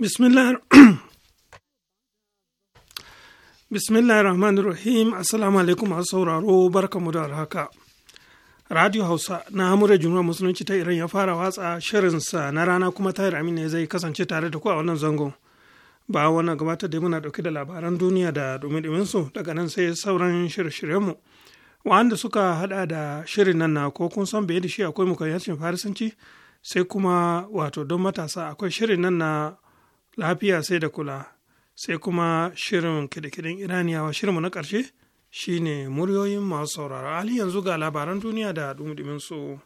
bismillah bismillah rahman rahim assalamu alaikum masu sauraro barkamu da haka radio hausa na hamura jumhuriyar musulunci ta iran ya fara watsa shirinsa na rana kuma Tahir amin ne zai kasance tare da ku a wannan zangon ba wannan gabata da muna dauke da labaran duniya da dumi su daga nan sai sauran shirye-shiryenmu wanda suka hada da shirin nan na ko kun san bai da shi akwai mukayyacin farisanci sai kuma wato don matasa akwai shirin nan na lafiya sai da kula sai kuma shirin kidikidin iraniyawa shirinmu na ƙarshe shine muryoyin masu sauraro hali yanzu ga labaran duniya da dumudumin su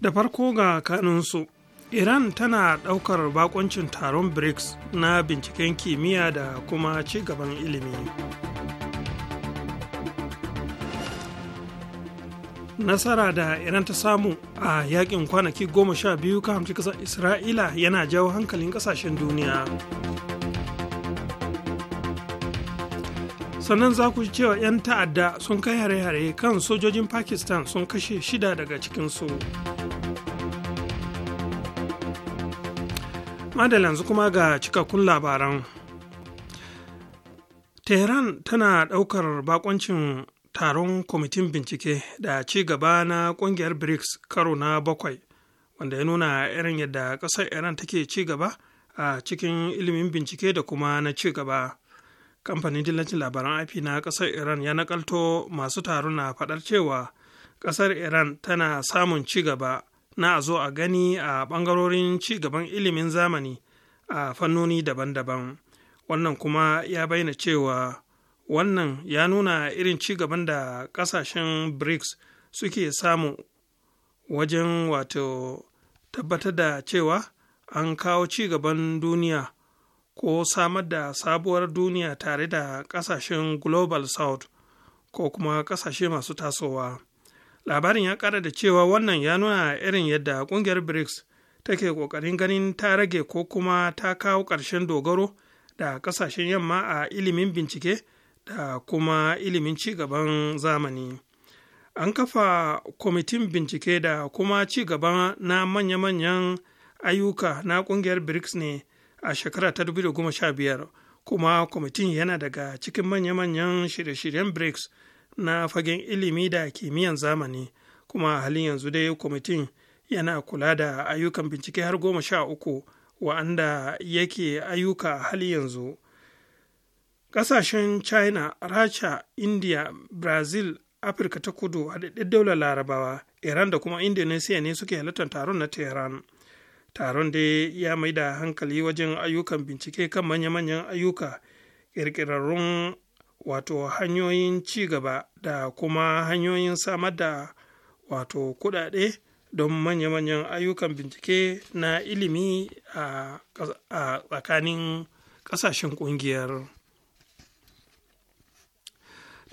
da farko ga kanunsu iran tana ɗaukar bakoncin taron brics na binciken kimiyya da kuma ci gaban ilimi nasara da iran ta samu a yakin kwanaki goma sha biyu ka hamci kasar isra'ila yana jawo hankalin kasashen duniya sannan za ku cewa 'yan ta'adda sun kai hare-hare kan sojojin pakistan sun kashe shida daga cikinsu yanzu kuma ga cikakkun labaran tehran tana ɗaukar bakoncin taron kwamitin bincike da ci gaba na ƙungiyar brics karo na bakwai wanda ya nuna irin yadda ƙasar iran take ci gaba a cikin ilimin bincike da kuma na ci gaba kamfanin dillacin labaran ip na ƙasar iran ya nakalto masu taron na faɗar cewa ƙasar iran tana samun ci gaba na a zo a gani a ɓangarorin ci gaban ilimin zamani a fannoni daban-daban wannan kuma ya bayyana cewa wannan ya nuna irin ci gaban da ƙasashen brics suke samu wajen wato tabbatar da cewa an kawo ci gaban duniya ko samar da sabuwar duniya tare da ƙasashen global south ko kuma ƙasashe masu tasowa labarin ya kara da cewa wannan ya nuna irin yadda ƙungiyar brics take ƙoƙarin ganin ta rage ko kuma ta kawo ƙarshen dogaro da ƙasashen yamma a ilimin bincike da kuma ilimin ci gaban zamani an kafa kwamitin bincike da kuma ci gaba na manya-manyan ayyuka na kungiyar brics ne a shekara ta 2015 kuma kwamitin yana daga cikin manya-manyan shirye-shiryen brics na fagen ilimi da kimiyyan zamani kuma a halin yanzu dai kwamitin yana kula da ayyukan bincike har goma sha uku wa'anda yake ayyuka a hali yanzu ƙasashen china rasha india brazil afirka ta kudu haɗaɗɗen daular larabawa iran da kuma indonesia ne suke halartar taron na tehran taron dai ya mai da hankali wajen ayyukan bincike kan manya-manyan ayyuka ƙirƙirarrun wato hanyoyin ci gaba da kuma hanyoyin samar da wato kuɗaɗe don manya-manyan ayyukan bincike na ilimi a tsakanin ƙasashen ƙungiyar.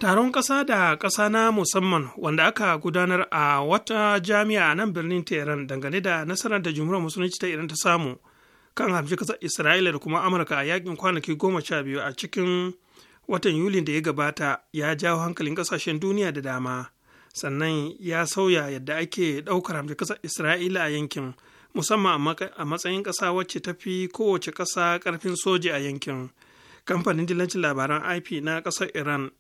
Taron ƙasa da ƙasa na musamman wanda aka gudanar a wata jami'a a nan birnin teheran dangane da nasarar da jumhuriyar musulunci ta Iran ta samu kan hamshi ƙasar Isra'ila da kuma Amurka a yakin kwanaki goma sha biyu a cikin watan yuli da ya gabata ya jawo hankalin ƙasashen duniya da dama. Sannan ya sauya yadda ake ɗaukar hamshi ƙasar Isra'ila a yankin musamman a matsayin ƙasa wacce ta fi kowace ƙasa ƙarfin soja a yankin. Kamfanin dillancin labaran IP na ƙasar Iran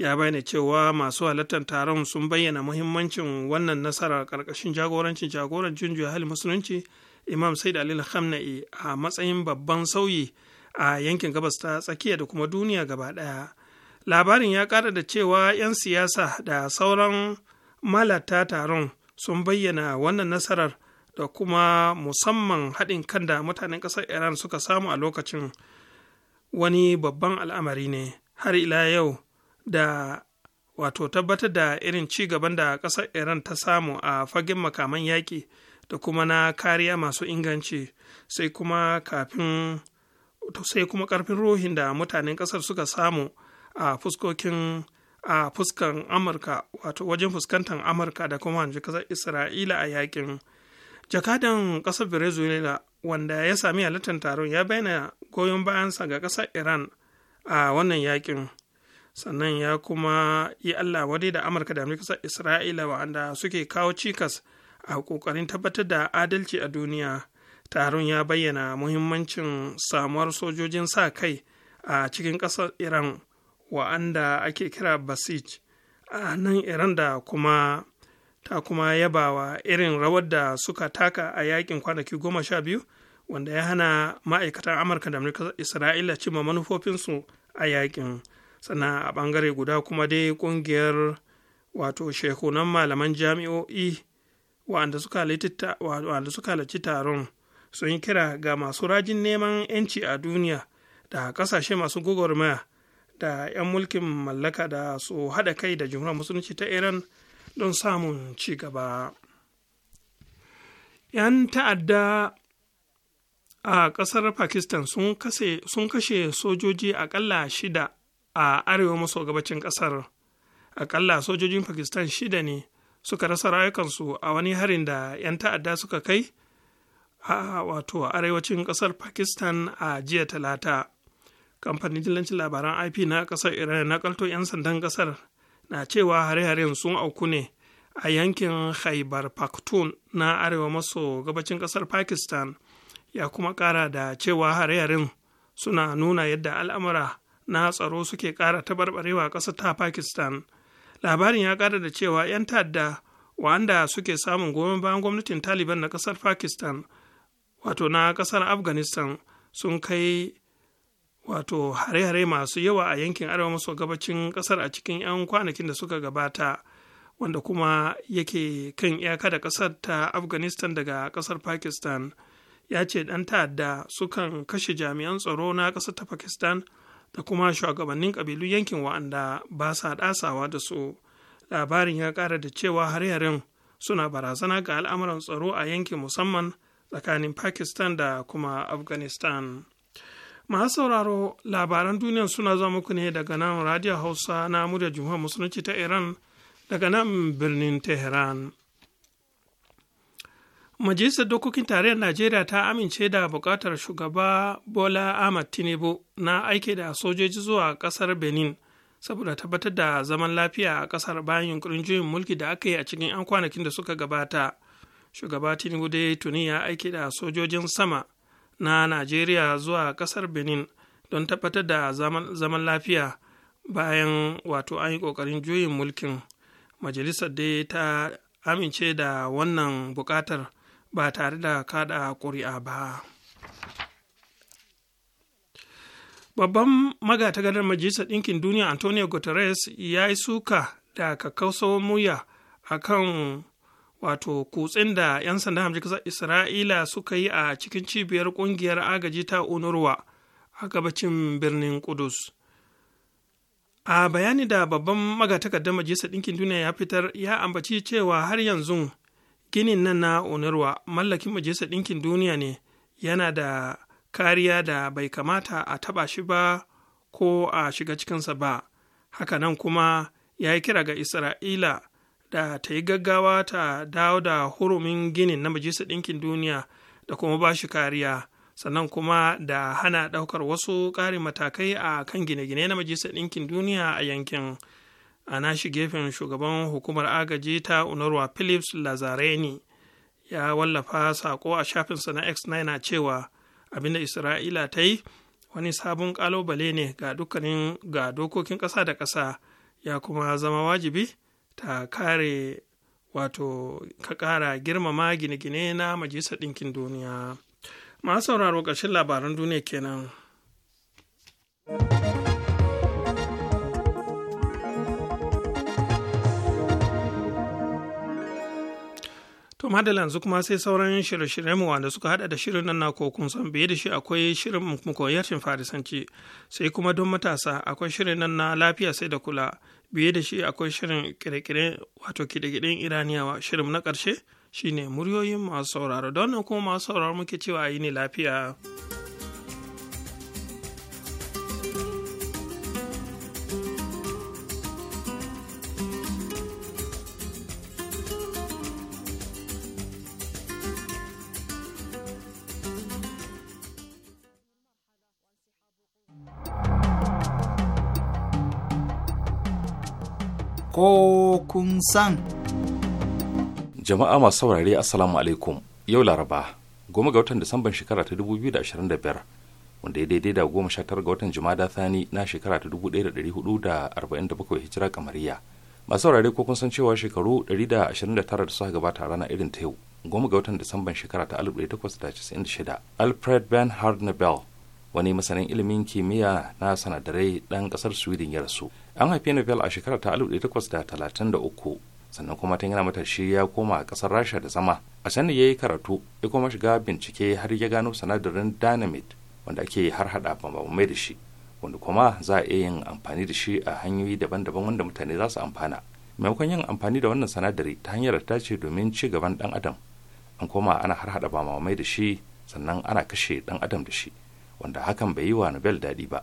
ya bayyana cewa masu halartar taron sun bayyana muhimmancin wannan nasarar karkashin jagorancin jagoran junjuya hali musulunci imam said da khamna'i a matsayin babban sauyi a yankin gabas ta tsakiya da kuma duniya gaba daya. labarin ya ƙara da cewa 'yan siyasa da sauran malata taron sun bayyana wannan nasarar da kuma musamman haɗin kan da mutanen ƙasar iran suka samu a lokacin wani babban al'amari ne har ila yau da wato tabbatar da irin ci gaban da ƙasar iran ta samu a fagen makaman yaƙi da kuma na kariya masu inganci sai kuma kafin sai kuma ƙarfin ruhin da mutanen ƙasar suka samu a fuskokin a fuskan amurka wato wajen fuskantar amurka da kuma hanji ƙasar isra'ila a yaƙin jakadan ƙasar venezuela wanda ya sami halittar taron ya bayyana goyon bayansa ga ƙasar iran a wannan yaƙin sannan ya kuma yi allah wadai da amurka da amurka isra'ila wa'anda suke kawo cikas a ƙoƙarin tabbatar da adalci a duniya taron ya bayyana muhimmancin samuwar sojojin sa kai a cikin ƙasar iran wa'anda ake kira basij a nan iran da kuma ta kuma yabawa irin rawar da suka taka a yakin kwanaki goma sha biyu wanda ya hana ma'aikatan amurka da amurka isra'ila cimma manufofinsu a yakin sannan a ɓangare guda kuma dai ƙungiyar wato shekunan malaman jami'o'i waɗanda suka halarci taron sun yi kira ga masu rajin neman 'yanci a duniya da ƙasashe masu gwagwarmaya da 'yan mulkin mallaka da su haɗa kai da jumhuriyar musulunci ta iran don samun ci gaba 'yan ta'adda a ƙasar pakistan sun kashe sojoji aƙalla shida a arewa maso gabacin ƙasar akalla sojojin pakistan shida ne suka rasa rayukansu a wani harin da 'yan ta'adda suka kai a wato arewacin ƙasar pakistan a jiya talata kamfanin dillancin labaran ip na ƙasar iran na kalto 'yan sandan ƙasar na cewa hare-haren sun auku ne a yankin khaibar paktun na arewa maso gabacin ƙasar pakistan ya kuma ƙara da cewa hare-haren suna nuna yadda al'amura na tsaro suke ƙara taɓarɓarewa a ƙasar ta Pakistan. Labarin ya ƙara da cewa 'yan ta'adda wanda suke samun goyon bayan gwamnatin Taliban na ƙasar Pakistan, wato na ƙasar Afghanistan sun kai wato hare-hare masu yawa a yankin arewa maso gabacin ƙasar a cikin 'yan kwanakin da suka gabata. wanda kuma yake kan iyaka da ƙasar ta afghanistan daga ƙasar pakistan ya ce ɗan ta'adda sukan kashe jami'an tsaro na ƙasar ta pakistan da kuma shugabannin ƙabilu yankin wa'anda ba sa ɗasawa da su labarin ya ƙara da cewa har yarin suna barazana ga al'amuran tsaro a yankin musamman tsakanin pakistan da kuma afghanistan masu sauraro labaran duniya suna zuwa muku ne daga nan radio hausa na murya jumhuriyar musulunci ta iran daga nan birnin tehran Majalisar Dokokin Tarayyar Najeriya ta amince da buƙatar shugaba Bola Ahmad Tinubu na aike da sojoji zuwa ƙasar Benin saboda tabbatar da zaman lafiya a ƙasar bayan yunkurin juyin mulki da aka yi a cikin 'yan kwanakin da suka gabata. Shugaba Tinubu dai tuni ya aike da sojojin sama na Najeriya zuwa ƙasar Benin don tabbatar da zaman, lafiya bayan wato an yi kokarin juyin mulkin. Majalisar dai ta amince da wannan buƙatar. ba tare da kada ƙuri'a ba babban gadar majalisar ɗinkin duniya antonio guterres ya yi suka da kakkausawar muya a kan wato kutsen da 'yan sanda hamji isra'ila suka yi a cikin cibiyar ƙungiyar agaji ta onurwa a gabacin birnin kudus a bayani da babban magatakardan majalisar ɗinkin duniya ya fitar ya ambaci cewa har yanzu ginin nan na onarwa mallakin majalisar ɗinkin duniya ne yana da kariya da bai kamata a taɓa shi ba ko a shiga cikinsa ba haka nan kuma ya yi kira ga isra'ila da ta yi gaggawa ta dawo da hurumin ginin na majalisar ɗinkin duniya da kuma ba shi kariya sannan kuma da hana ɗaukar wasu ƙarin matakai a kan gine-gine na majalisar ɗinkin duniya a yankin a nashi gefen shugaban hukumar agaji ta unarwa philips lazareni ya wallafa sako a shafinsa na x na cewa abinda isra'ila ta yi wani sabon kalobale ne ga dukkanin ga dokokin ƙasa da ƙasa ya kuma zama wajibi ta kare wato ka ƙara girmama gine-gine na majalisar ɗinkin duniya masu sauraro ƙarshen labaran duniya kenan. To madalla yanzu kuma sai sauran shirye-shiryen mu wanda suka hada da shirin nan na ko kun san biye da shi akwai shirin mu koyarshin farisanci sai kuma don matasa akwai shirin nan na lafiya sai da kula biye da shi akwai shirin kire-kire wato kide iraniya iraniyawa shirin na karshe shine muryoyin masu sauraro don nan kuma masu sauraro muke cewa yi ne lafiya. ko kun san. Jama'a masu saurare Assalamu alaikum yau Laraba goma ga watan Disamban shekara ta 2025 wanda ya daidai da goma sha tara ga watan Jumada Thani na shekara ta 1447 hijira kamariya. Masu saurare ko kun san cewa shekaru 129 da suka gabata rana irin ta yau goma ga watan Disamban shekara ta 1896 Alfred Bernhard Nobel wani masanin ilimin kimiyya na sanadarai ɗan ƙasar Sweden ya rasu. an haifi Nobel a shekarar ta uku sannan kuma tun yana matashi ya koma a ƙasar Rasha da zama a can ya yi karatu ya kuma shiga bincike har ya gano sanadarin dynamite wanda ake har hada bambamai da shi wanda kuma za a iya yin amfani da shi a hanyoyi daban-daban wanda mutane za su amfana maimakon yin amfani da wannan sanadari ta hanyar da ta ce domin ci gaban dan adam an koma ana har hada bambamai da shi sannan ana kashe dan adam da shi wanda hakan bai yi wa Nobel daɗi ba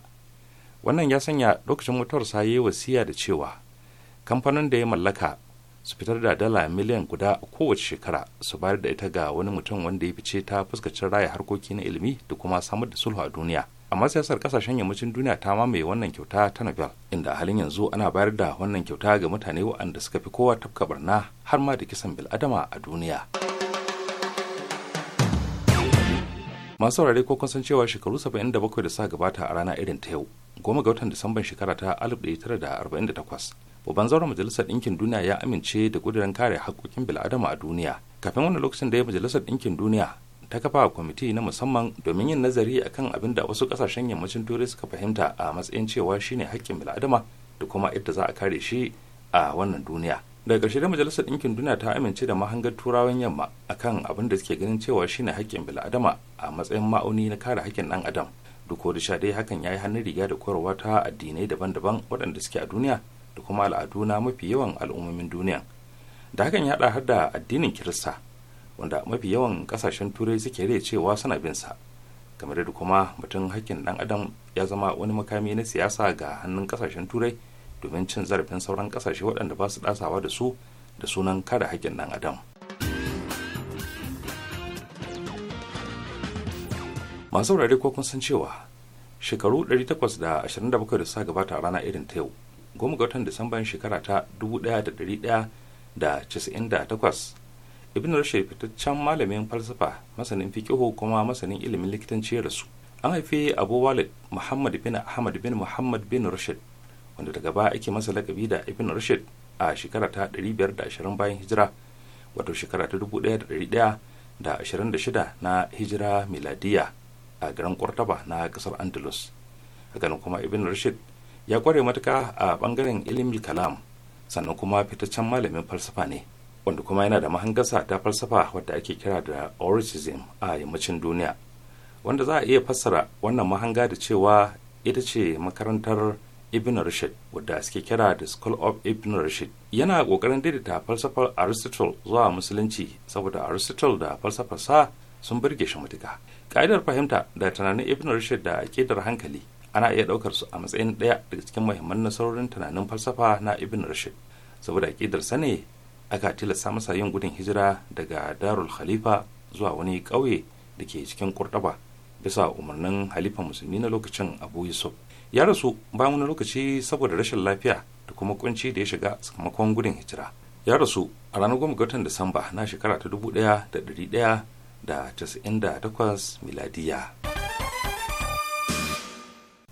wannan ya sanya lokacin mutuwar ya yi wasiya da cewa kamfanin da ya mallaka su fitar da dala miliyan guda kowace shekara su bayar da ita ga wani mutum wanda ya fice ta fuskacin raya harkoki na ilimi da kuma samar da sulhu a duniya amma siyasar kasashen yammacin duniya ta mamaye wannan kyauta ta nobel inda halin yanzu ana bayar da wannan kyauta ga mutane waɗanda suka fi kowa tafka barna har ma da kisan bil'adama a duniya masu saurare ko kun san cewa shekaru 77 da suka gabata a rana irin ta yau goma ga watan disamban shekara ta 1948 babban zauren majalisar ɗinkin duniya ya amince da ƙudurin kare haƙƙoƙin bil'adama a duniya kafin wani lokacin da ya majalisar ɗinkin duniya ta kafa kwamiti na musamman domin yin nazari akan abin da wasu ƙasashen yammacin turai suka fahimta a matsayin cewa shine haƙƙin bil'adama da kuma yadda za a kare shi a wannan duniya daga ƙarshe da majalisar ɗinkin duniya ta amince da mahangar turawan yamma akan abin da suke ganin cewa shine haƙƙin bil'adama a matsayin ma'auni na kare haƙƙin ɗan adam duk da sha dai hakan ya yi hannun riga da korowa ta addinai daban-daban waɗanda suke a duniya da kuma al'adu na mafi yawan al'ummomin duniya da hakan ya haɗa har da addinin kirista wanda mafi yawan ƙasashen turai suke rai cewa suna bin sa kamar da kuma mutum hakkin ɗan adam ya zama wani makami na siyasa ga hannun ƙasashen turai domin cin zarafin sauran ƙasashe waɗanda ba su ɗasawa da su da sunan kada hakkin ɗan adam masu wurare ko kun san cewa shekaru 827 da suka gabata a rana irin ta yau goma ga watan disamban shekara ta 1198 ibn rashid fitaccen malamin falsafa masanin fiqihu kuma masanin ilimin likitanci ya rasu an haifi abu walid muhammad bin ahmad bin muhammad bin rashid wanda daga baya ake masa lakabi da ibn rashid a shekara ta 520 bayan hijira wato shekara ta 1126 na hijira miladiya a garin kwartaba na kasar Andalus. Hakan kuma Ibn Rashid ya kware matuka a bangaren ilimin kalam sannan kuma fitaccen malamin falsafa ne wanda kuma yana da mahangasa ta falsafa wadda ake kira da Orichism a yammacin duniya. Wanda za a iya fassara wannan mahanga da cewa ita ce makarantar Ibn Rashid wadda suke kira da School of Ibn Rashid yana kokarin daidaita falsafar Aristotle zuwa musulunci saboda Aristotle da falsafarsa sun birge shi matuka. ka'idar fahimta da tunanin ibn rushd da aƙidar hankali ana iya ɗaukar su a matsayin ɗaya daga cikin muhimman nasarorin tunanin falsafa na ibn rushd saboda aƙidar sa ne aka tilasta masa yin gudun hijira daga darul khalifa zuwa wani ƙauye da ke cikin kurɗaba bisa umarnin halifa musulmi na lokacin abu yusuf ya rasu bayan wani lokaci saboda rashin lafiya da kuma kunci da ya shiga sakamakon gudun hijira ya rasu a ranar goma ga watan disamba na shekara ta dubu ɗaya da ɗari ɗaya da 98 miladiya.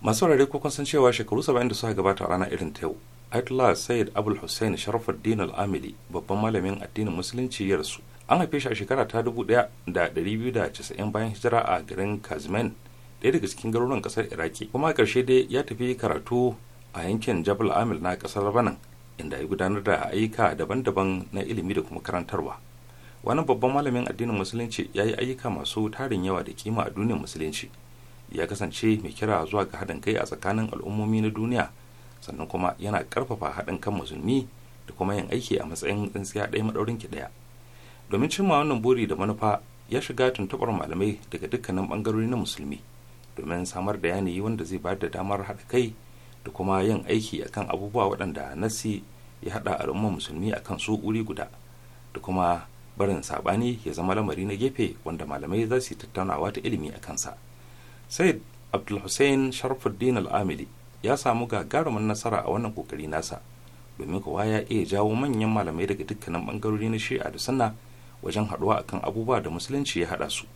masu rarrai ko san cewa shekaru 70 da suka gabata a ranar irin ta yau Ayatollah Sayyid Abul Hussein Sharafuddin Al-Amili babban malamin addinin musulunci ya rasu an haife shi a shekara ta 1290 bayan hijira a garin Kazmen ɗaya daga cikin garuruwan ƙasar Iraki kuma ƙarshe dai ya tafi karatu a yankin Jabal Amil na ƙasar Lebanon inda ya gudanar da ayyuka daban-daban na ilimi da kuma karantarwa wani babban malamin addinin musulunci ya yi ayyuka masu tarin yawa da kima a duniyar musulunci ya kasance mai kira zuwa ga haɗin kai a tsakanin al'ummomi na duniya sannan kuma yana ƙarfafa haɗin kan musulmi da kuma yin aiki a matsayin tsintsiya ɗaya maɗaurin ki ɗaya domin cimma wannan buri da manufa ya shiga tuntuɓar malamai daga dukkanin ɓangarori na musulmi domin samar da yanayi wanda zai bayar da damar haɗa kai da kuma yin aiki akan abubuwa waɗanda nasi ya haɗa al'ummar musulmi akan su wuri guda da kuma barin saɓani ya zama lamari na gefe wanda malamai za su yi tattaunawa ta ilimi a kansa said abdulhussein sharfuddin al'amili ya samu gagarumin nasara a wannan kokari nasa domin kowa ya iya jawo manyan malamai daga dukkanin bangarori na shi'a da sunna wajen haɗuwa akan abubuwa da musulunci ya haɗa su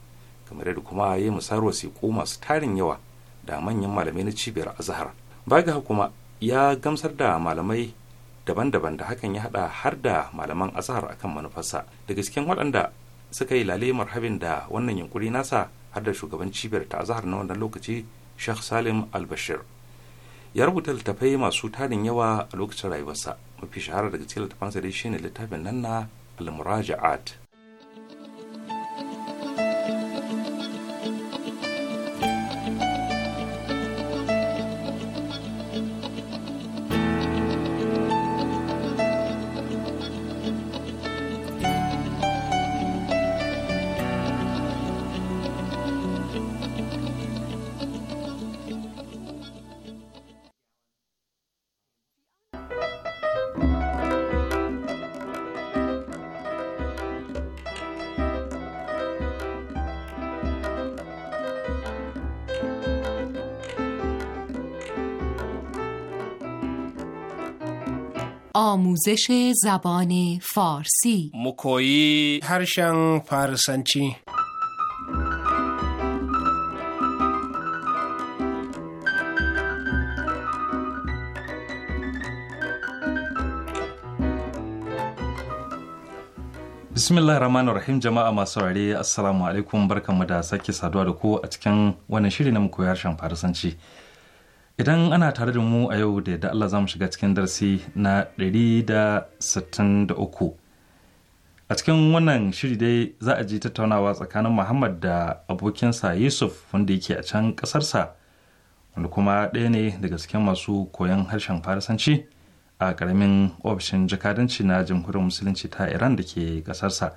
kamar yadda kuma ya yi musar wasiƙu masu tarin yawa da manyan malamai na cibiyar azhar baga kuma ya gamsar da malamai daban-daban da hakan ya haɗa har da malaman azhar akan manufarsa daga cikin waɗanda suka yi lale marhabin da wannan yunkuri nasa har da shugaban cibiyar ta azhar na wannan lokaci shek salim al ya rubuta littafai masu tarin yawa a lokacin rayuwarsa mafi shahara daga cikin littafansa dai shine littafin nan na al-muraja'at آموزش زبان فارسی مکویی هرشن فارسنچی bismillah rahman rahim jama'a masu saurare assalamu alaikum barkanmu da sake saduwa da ku a cikin wannan shiri na koyi harshen farisanci idan ana tare da mu a yau da yadda Allah za mu shiga cikin darasi na 163 a cikin wannan shiri dai za a ji tattaunawa tsakanin muhammad da abokinsa yusuf wanda yake a can ƙasarsa wanda kuma ɗaya ne daga cikin masu koyon harshen farisanci a ƙaramin ofishin jakadanci na jamhuriyar musulunci ta iran da ke ƙasarsa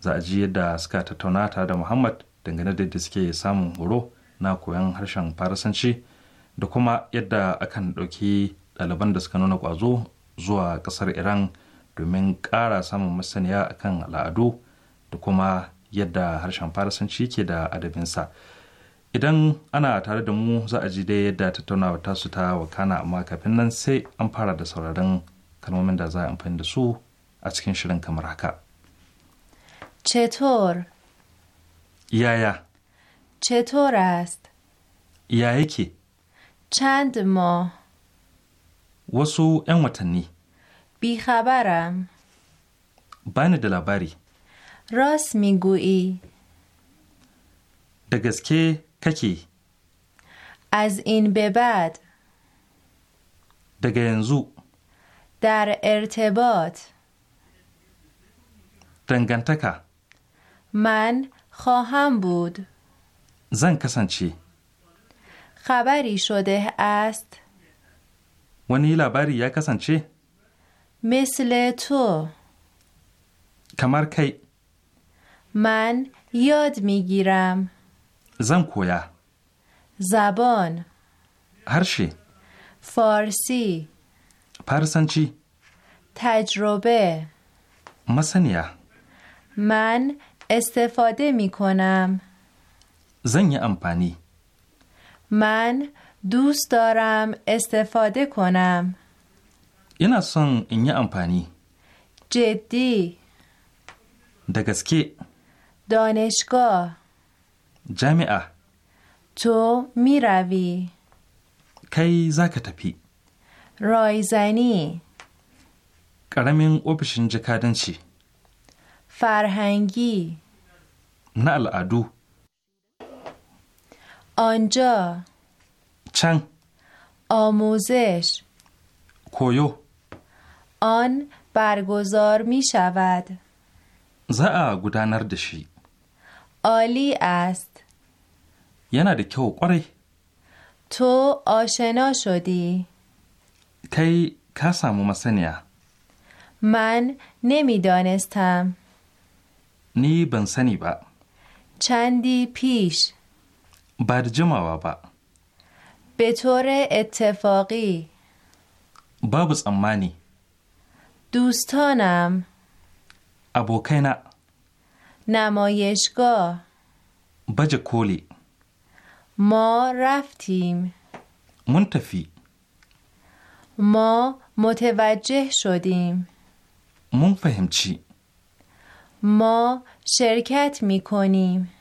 za a ji yadda suka tattauna tare da muhammad dangane da yadda suke samun horo na koyon harshen farisanci da kuma yadda akan ɗauki ɗaliban da suka nuna ƙwazo zuwa ƙasar iran domin ƙara samun masaniya akan al'adu da kuma yadda harshen farisanci ke da adabinsa idan ana tare da mu za a ji dai yadda tattaunawa su ta wakana amma kafin nan sai an fara da sauraron kalmomin da za a amfani da su a cikin shirin kamar haka cetor یایا چطور است؟ یا چند ماه وسو ان وطنی بیخبرم بانی دلابری راست میگویی که ککی از این به بعد دگنزو در ارتباط دنگنتکه من خواهم بود زن کسان چی؟ خبری شده است ونی لابری یا کسان چه؟ مثل تو کمر کی؟ من یاد میگیرم زم کویا زبان هرشی فارسی چی؟ تجربه مسنیا من استفاده می کنم زنی امپانی من دوست دارم استفاده کنم این اصلا این امپانی جدی دگسکی دانشگاه جامعه تو می روی کی زاک تپی رایزنی قرمین اوپشن جکادنچی فرهنگی نه العدو آنجا چنگ آموزش کویو آن برگزار می شود زا گودانر دشی عالی است یه نده کیو قره تو آشنا شدی کی کس سامو من نمیدانستم نی بنسنی با چندی پیش بر جمع با به طور اتفاقی بابز امانی دوستانم ابوکینا نمایشگاه بج کولی ما رفتیم منتفی ما متوجه شدیم من فهم چی ما شرکت می کنیم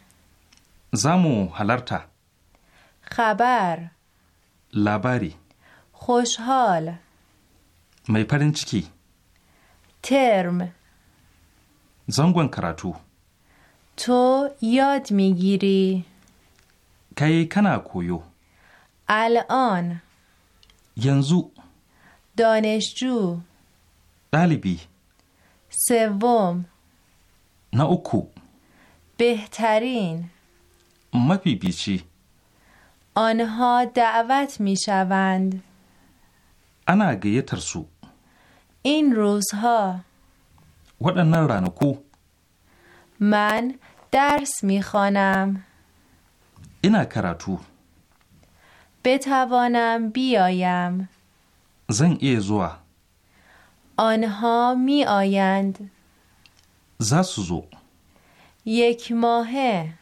زمو هلرتا خبر لاباری خوشحال می چکی ترم زنگون کراتو تو یاد میگیری کی کنا کویو الان ینزو دانشجو دالبی سوم ناوکو بهترین بیچی آنها دعوت می شوند انا گیتر سو این روزها waɗannan رانکو من درس می خوانم اینا کراتو بتوانم بیایم زن ای زوا آنها می آیند زاسوزو یک ماهه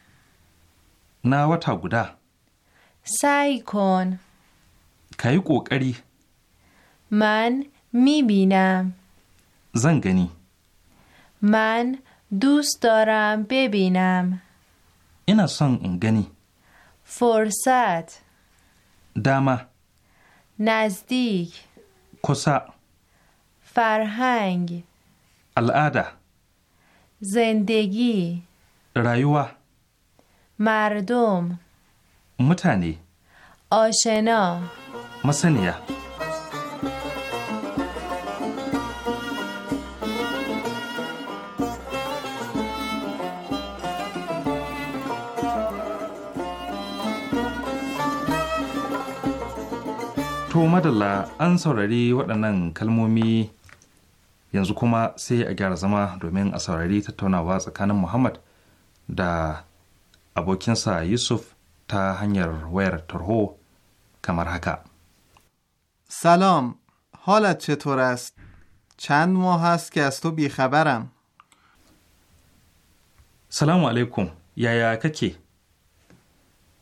na wata guda. Saikon. Ka yi ƙoƙari. Man mibina. Zan gani. Man dustoran na. Ina son in gani. Fursat. Dama. Nazdik. Kusa. Farhang. Al'ada. Zendegi. Rayuwa. مردم متنی آشنا مسنیا To madalla an saurari waɗannan kalmomi yanzu kuma sai a gyara zama domin a saurari tattaunawa tsakanin Muhammad da abokinsa یوسف تا هنگر ویر ترهو کمر حکا سلام حالت چطور است؟ چند ماه هست که از تو بیخبرم سلام علیکم یا یا ککی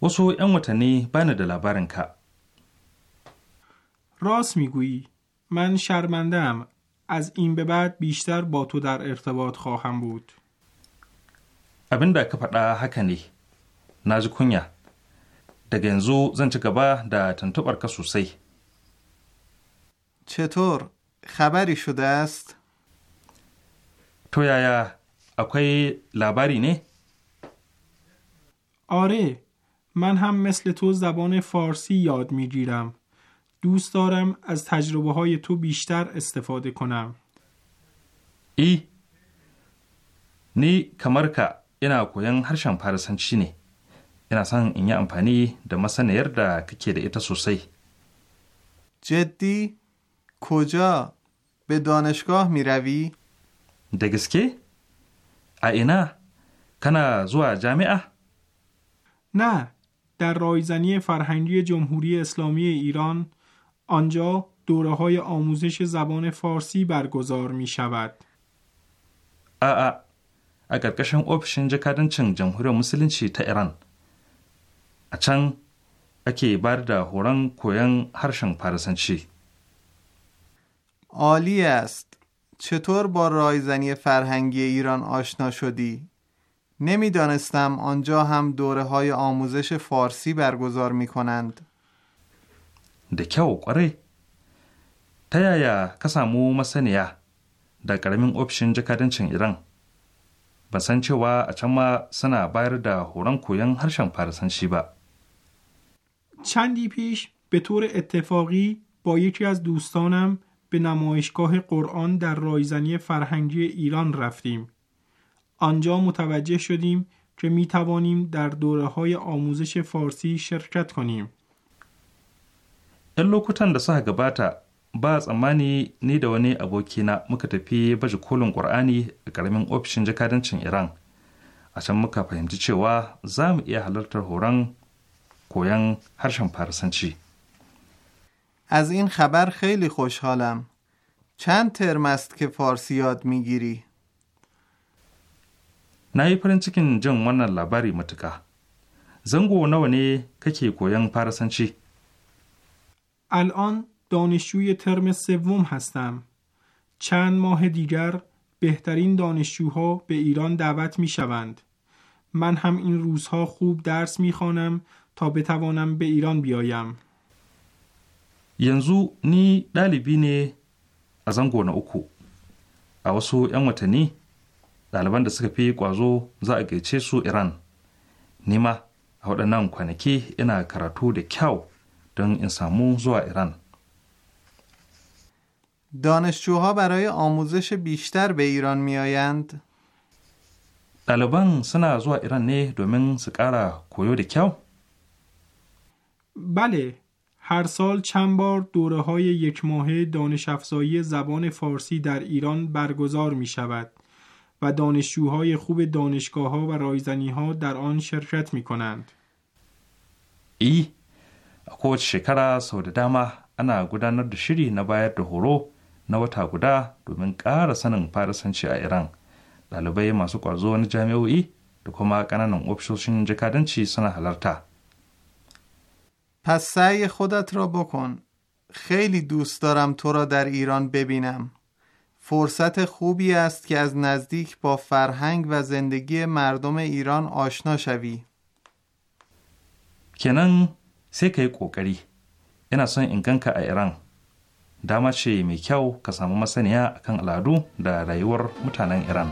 wasu 'yan watanni bani da labarinka. راست میگویی من شرمندم از این به بعد بیشتر با تو در ارتباط خواهم بود. abin da ka na ji kunya daga yanzu zan ci gaba da tuntuɓar ka چطور خبری شده است؟ تو یایا اکوی لابری نه؟ آره من هم مثل تو زبان فارسی یاد میگیرم دوست دارم از تجربه های تو بیشتر استفاده کنم ای نی کمرکا اینا کوین هرشن چی نی؟ این son in yi مثل da masaniyar da kake da جدی کجا به دانشگاه می روی؟ دگسکی؟ اینا کنا زوه جامعه؟ نه در رایزنی فرهنگی جمهوری اسلامی ایران آنجا دوره های آموزش زبان فارسی برگزار می شود. ا آ اگر کشن اوپشن چنگ جمهوری مسلم چی تا ایران a اکی ake bayar da horon koyon عالی است چطور با رایزنی فرهنگی ایران آشنا شدی؟ نمیدانستم آنجا هم دوره های آموزش فارسی برگزار می کنند دکه و قره یا کسامو مسانیا در قرمین اپشن جکردن ایران بسان چه و اچما سنا بایر در هوران کویان هرشان پارسان شیبه چندی پیش به طور اتفاقی با یکی از دوستانم به نمایشگاه قرآن در رایزنی فرهنگی ایران رفتیم. آنجا متوجه شدیم که می توانیم در دوره های آموزش فارسی شرکت کنیم. ‘Yan lokutan da suka gabata ba tsammani ni da wani abokina muka tafi baje kolin qur'ani a karamin ofishin jakadancin Iran. A can muka fahimci cewa za mu iya halartar horon کویان پرسنچی از این خبر خیلی خوشحالم چند ترم است که فارسی یاد میگیری؟ na yi جن وانا لباری متکا زنگو نو نی nawa ne kake پرسنچی. الان دانشجوی ترم سوم هستم. چند ماه دیگر بهترین دانشجوها به ایران دعوت می شوند. من هم این روزها خوب درس می تا بتوانم به ایران بیایم ینزو نی دلیبی نه از آن گونه اوکو a wasu 'yan watanni ɗaliban da suka fi ƙwazo za a gaice su iran nima a waɗannan kwanaki ina karatu da kyau don in samu zuwa iran دانشجوها برای آموزش بیشتر به ایران می آیند. ɗaliban suna zuwa Iran ne domin su ƙara koyo da kyau? بله هر سال چند بار دوره های یک ماه دانش افزایی زبان فارسی در ایران برگزار می شود و دانشجوهای خوب دانشگاه ها و رایزنی ها در آن شرکت می کنند ای اکوچ شکره سود دامه انا گوده ند شری نباید ده هورو نو تا گوده دو کار سنن پارسنچی ایران لالو ماسو قرزو نجامه ای دو کما کنن ام اپشوشن جکادن چی سنه پس سعی خودت را بکن خیلی دوست دارم تو را در ایران ببینم فرصت خوبی است که از نزدیک با فرهنگ و زندگی مردم ایران آشنا شوی کنن سه کهی کوکری. ƙoƙari ina که ایران. ایران a میکیو dama کسامو mai کن الادو در رایور متانن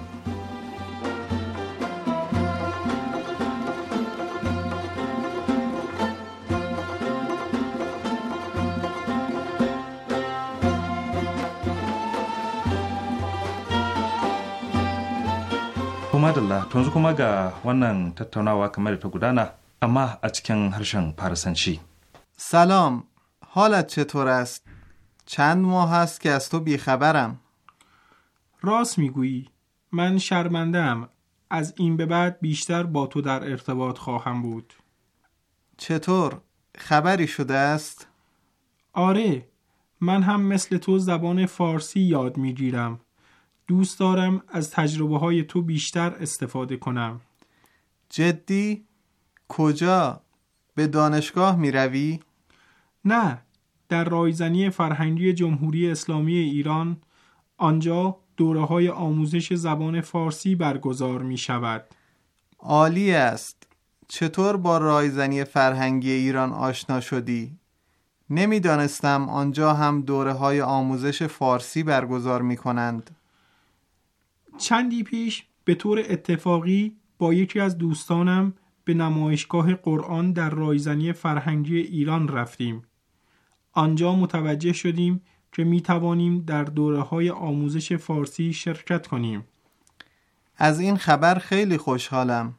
madalla to yanzu wannan tattaunawa kamar اما اچکن هرشن سلام حالت چطور است؟ چند ماه است که از تو بیخبرم راست میگویی من ام از این به بعد بیشتر با تو در ارتباط خواهم بود چطور؟ خبری شده است؟ آره من هم مثل تو زبان فارسی یاد میگیرم دوست دارم از تجربه های تو بیشتر استفاده کنم جدی؟ کجا؟ به دانشگاه می روی؟ نه در رایزنی فرهنگی جمهوری اسلامی ایران آنجا دوره های آموزش زبان فارسی برگزار می شود عالی است چطور با رایزنی فرهنگی ایران آشنا شدی؟ نمیدانستم آنجا هم دوره های آموزش فارسی برگزار می کنند چندی پیش به طور اتفاقی با یکی از دوستانم به نمایشگاه قرآن در رایزنی فرهنگی ایران رفتیم. آنجا متوجه شدیم که می توانیم در دوره های آموزش فارسی شرکت کنیم. از این خبر خیلی خوشحالم.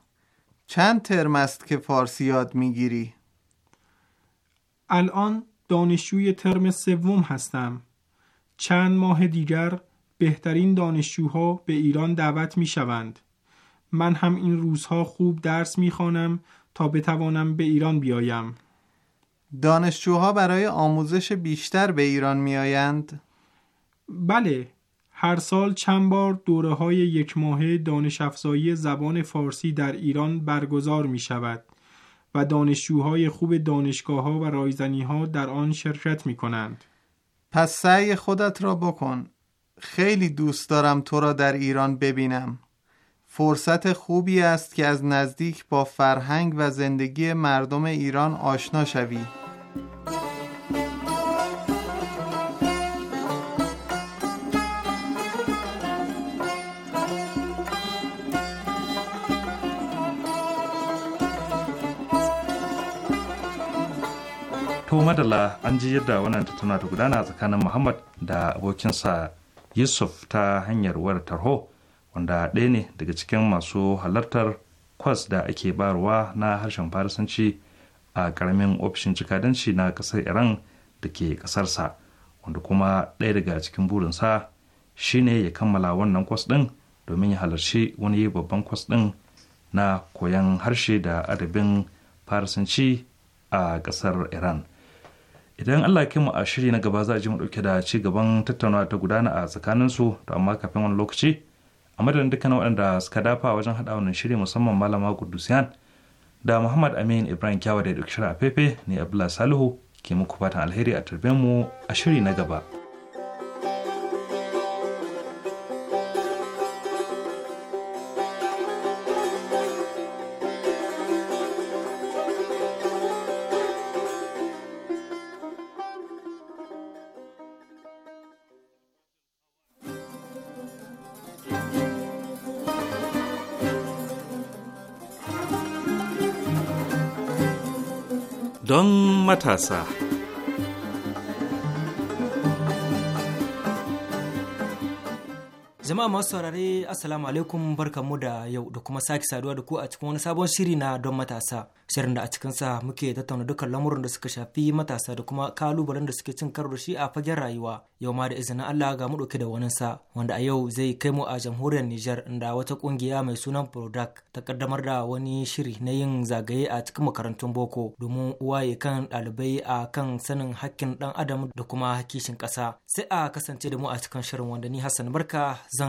چند ترم است که فارسی یاد می گیری؟ الان دانشجوی ترم سوم هستم. چند ماه دیگر بهترین دانشجوها به ایران دعوت می شوند. من هم این روزها خوب درس می تا بتوانم به ایران بیایم. دانشجوها برای آموزش بیشتر به ایران می آیند؟ بله، هر سال چند بار دوره های یک ماهه دانش افزایی زبان فارسی در ایران برگزار می شود و دانشجوهای خوب دانشگاه ها و رایزنی ها در آن شرکت می کنند. پس سعی خودت را بکن خیلی دوست دارم تو را در ایران ببینم فرصت خوبی است که از نزدیک با فرهنگ و زندگی مردم ایران آشنا شوی to madalla an ji yadda wannan tattauna ta gudana محمد muhammad da abokinsa yusuf ta hanyar wayar tarho wanda ɗaya ne daga cikin masu halartar kwas da ake barwa na harshen farisanci a ƙaramin ofishin cikadanci na ƙasar iran da ke ƙasarsa wanda kuma ɗaya daga cikin burinsa shine ya kammala wannan kwas ɗin domin ya halarci wani babban kwas ɗin na koyon harshe da adabin farisanci a ƙasar iran idan allah ya mu a shiri na gaba za a ji mu dauke da ci gaban tattaunawa ta gudana a tsakanin su to amma kafin wani lokaci a madadin dukkan waɗanda suka dafa wajen haɗa wannan shiri musamman malama gudusiyan da muhammad amin ibrahim kyawa da ya ɗauki shirin a fefe ne abdullahi salihu ke muku fatan alheri a tarbiyyar mu a shiri na gaba. matasa Jama'a masu saurare Assalamu alaikum mu da yau da kuma sake saduwa da ku a cikin wani sabon shiri na don matasa. Shirin da a cikin sa muke tattauna dukkan lamurin da suka shafi matasa da kuma kalubalen da suke cin karo da shi a fagen rayuwa. Yau ma da izinin Allah ga mu dauke da wani sa wanda a yau zai kai mu a jamhuriyar Nijar inda wata kungiya mai sunan Prodac ta kaddamar da wani shiri na yin zagaye a cikin makarantun boko domin waye kan ɗalibai a kan sanin hakkin dan adam da kuma kishin ƙasa. Sai a kasance da mu a cikin shirin wanda ni Hassan Barka zan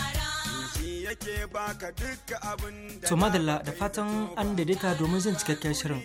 da to madalla da fatan an daidaita domin zan cikakken shirin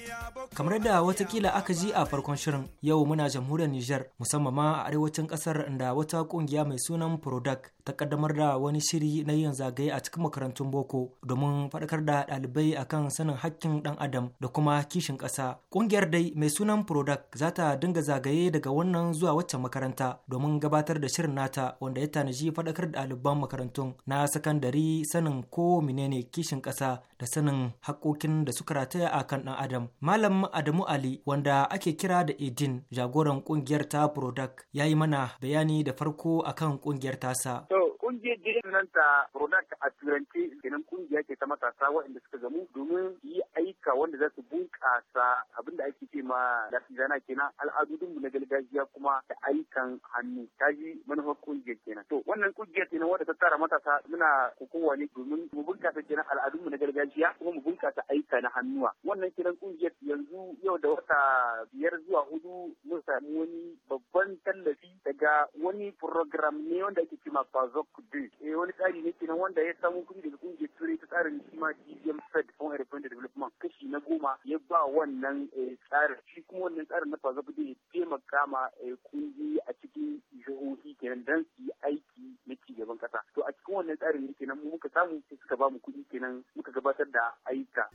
kamar da watakila aka ji a farkon shirin yau muna jamhuriyar Nijar musamman ma a arewacin kasar da wata kungiya mai sunan Prodac ta kaddamar da wani shiri na yin zagaye a cikin makarantun boko domin faɗakar da ɗalibai akan sanin hakkin ɗan adam da kuma kishin ƙasa kungiyar dai mai sunan Prodac za ta dinga zagaye daga wannan zuwa waccan makaranta domin gabatar da shirin nata wanda ya tanaji faɗakar da ɗaliban makarantun na sakandare gari sanin ko menene kishin ƙasa da sanin haƙoƙin da suka rataya a kan ɗan adam malam adamu ali wanda ake kira da edin jagoran ƙungiyar ta product ya yi mana bayani da farko akan ƙungiyar tasa. To Kungiyar da nan ta product a turanci kenan kungiya ke ta matasa waɗanda suka gamu domin yi aika wanda za su bunƙasa abinda ake ce ma zana kenan mu na gargajiya kuma da aikan hannu. Ta ji manufar kungiyar kenan. To wannan kungiyar kenan wadda ta tara matasa muna kokowa ne domin mu bunƙasa kenan mu na gargajiya kuma mu bunƙasa aika na hannuwa. Wannan kenan kungiyar yanzu yau da wata biyar zuwa hudu mun sami wani babban tallafi daga wani program ne wanda ake ce ma kudin eh wani tsari ne kenan wanda ya samu kudi daga kungiyar turai ta tsarin kima DVM Fed Fund Independent Development kashi na goma ya ba wannan eh, tsarin shi kuma wannan tsarin na fazabu ya taimaka ma kungiyoyi eh, a cikin jihohi kenan dan su yi aiki na cigaban kasa to a cikin wannan tsarin ne kenan mu muka samu sai suka ba mu kuɗi kenan muka gabatar da ayyuka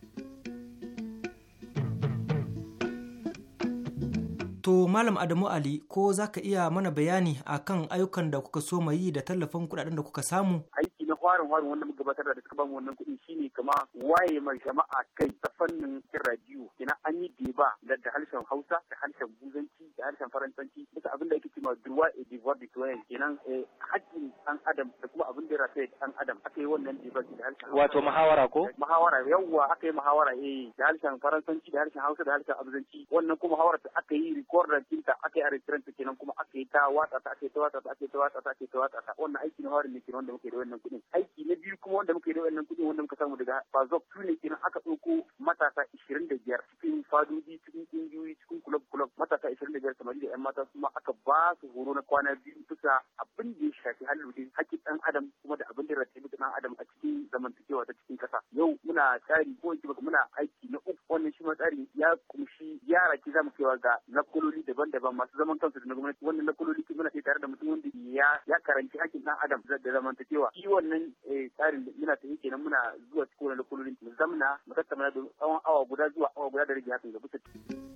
To Malam Adamu Ali ko za ka iya mana bayani a kan ayyukan da kuka so yi da tallafin kuɗaɗen da kuka samu? Aiki na farin farin wanda muka gabatar da suka bamu wannan kuɗi shine kama waye mai jama'a kai ta fannin kiran biyu ina an yi deba da harshen Hausa da harshen Buzanci da harshen faransanci bisa abin da ake cewa e et devoir citoyen kenan eh, haƙƙin ɗan adam da kuma abin da ya rataye ɗan adam aka yi wannan debat da harshen wato muhawara ko muhawara yawwa aka yi muhawara eh da harshen faransanci da harshen hausa da harshen abuzanci wannan kuma muhawara ta aka yi recording ɗinta aka yi a restaurant kenan kuma aka yi ta watsa ta aka yi ta watsa ta aka yi ta watsa ta aka yi ta watsa ta wannan aiki na muhawara ne kenan wanda muke da wannan kuɗin aiki na biyu kuma wanda muke da wannan kuɗin wanda muka samu daga bazok su ne kenan aka ɗauko matasa ishirin da biyar cikin fadodi cikin kungiyoyi cikin kulab kulab matasa 25 samari da yan mata kuma aka ba su horo na kwana biyu bisa abin da ya shafi halludin hakkin dan adam kuma da abin da rataye dan adam a cikin zamantakewa ta cikin kasa yau muna tsari ko muna aiki na uku wannan shi ma tsari ya kumshi gyara ki zamu kaiwa ga nakololi daban-daban masu zaman kansu da na gwamnati wannan nakololi kuma sai tare da mutum wanda ya ya karanci hakkin dan adam da cewa shi wannan eh, tsarin muna ta yake kenan muna zuwa cikin nakololin mu zamna mu tattauna da tsawon awa guda zuwa awa guda da rage hakan ga bisa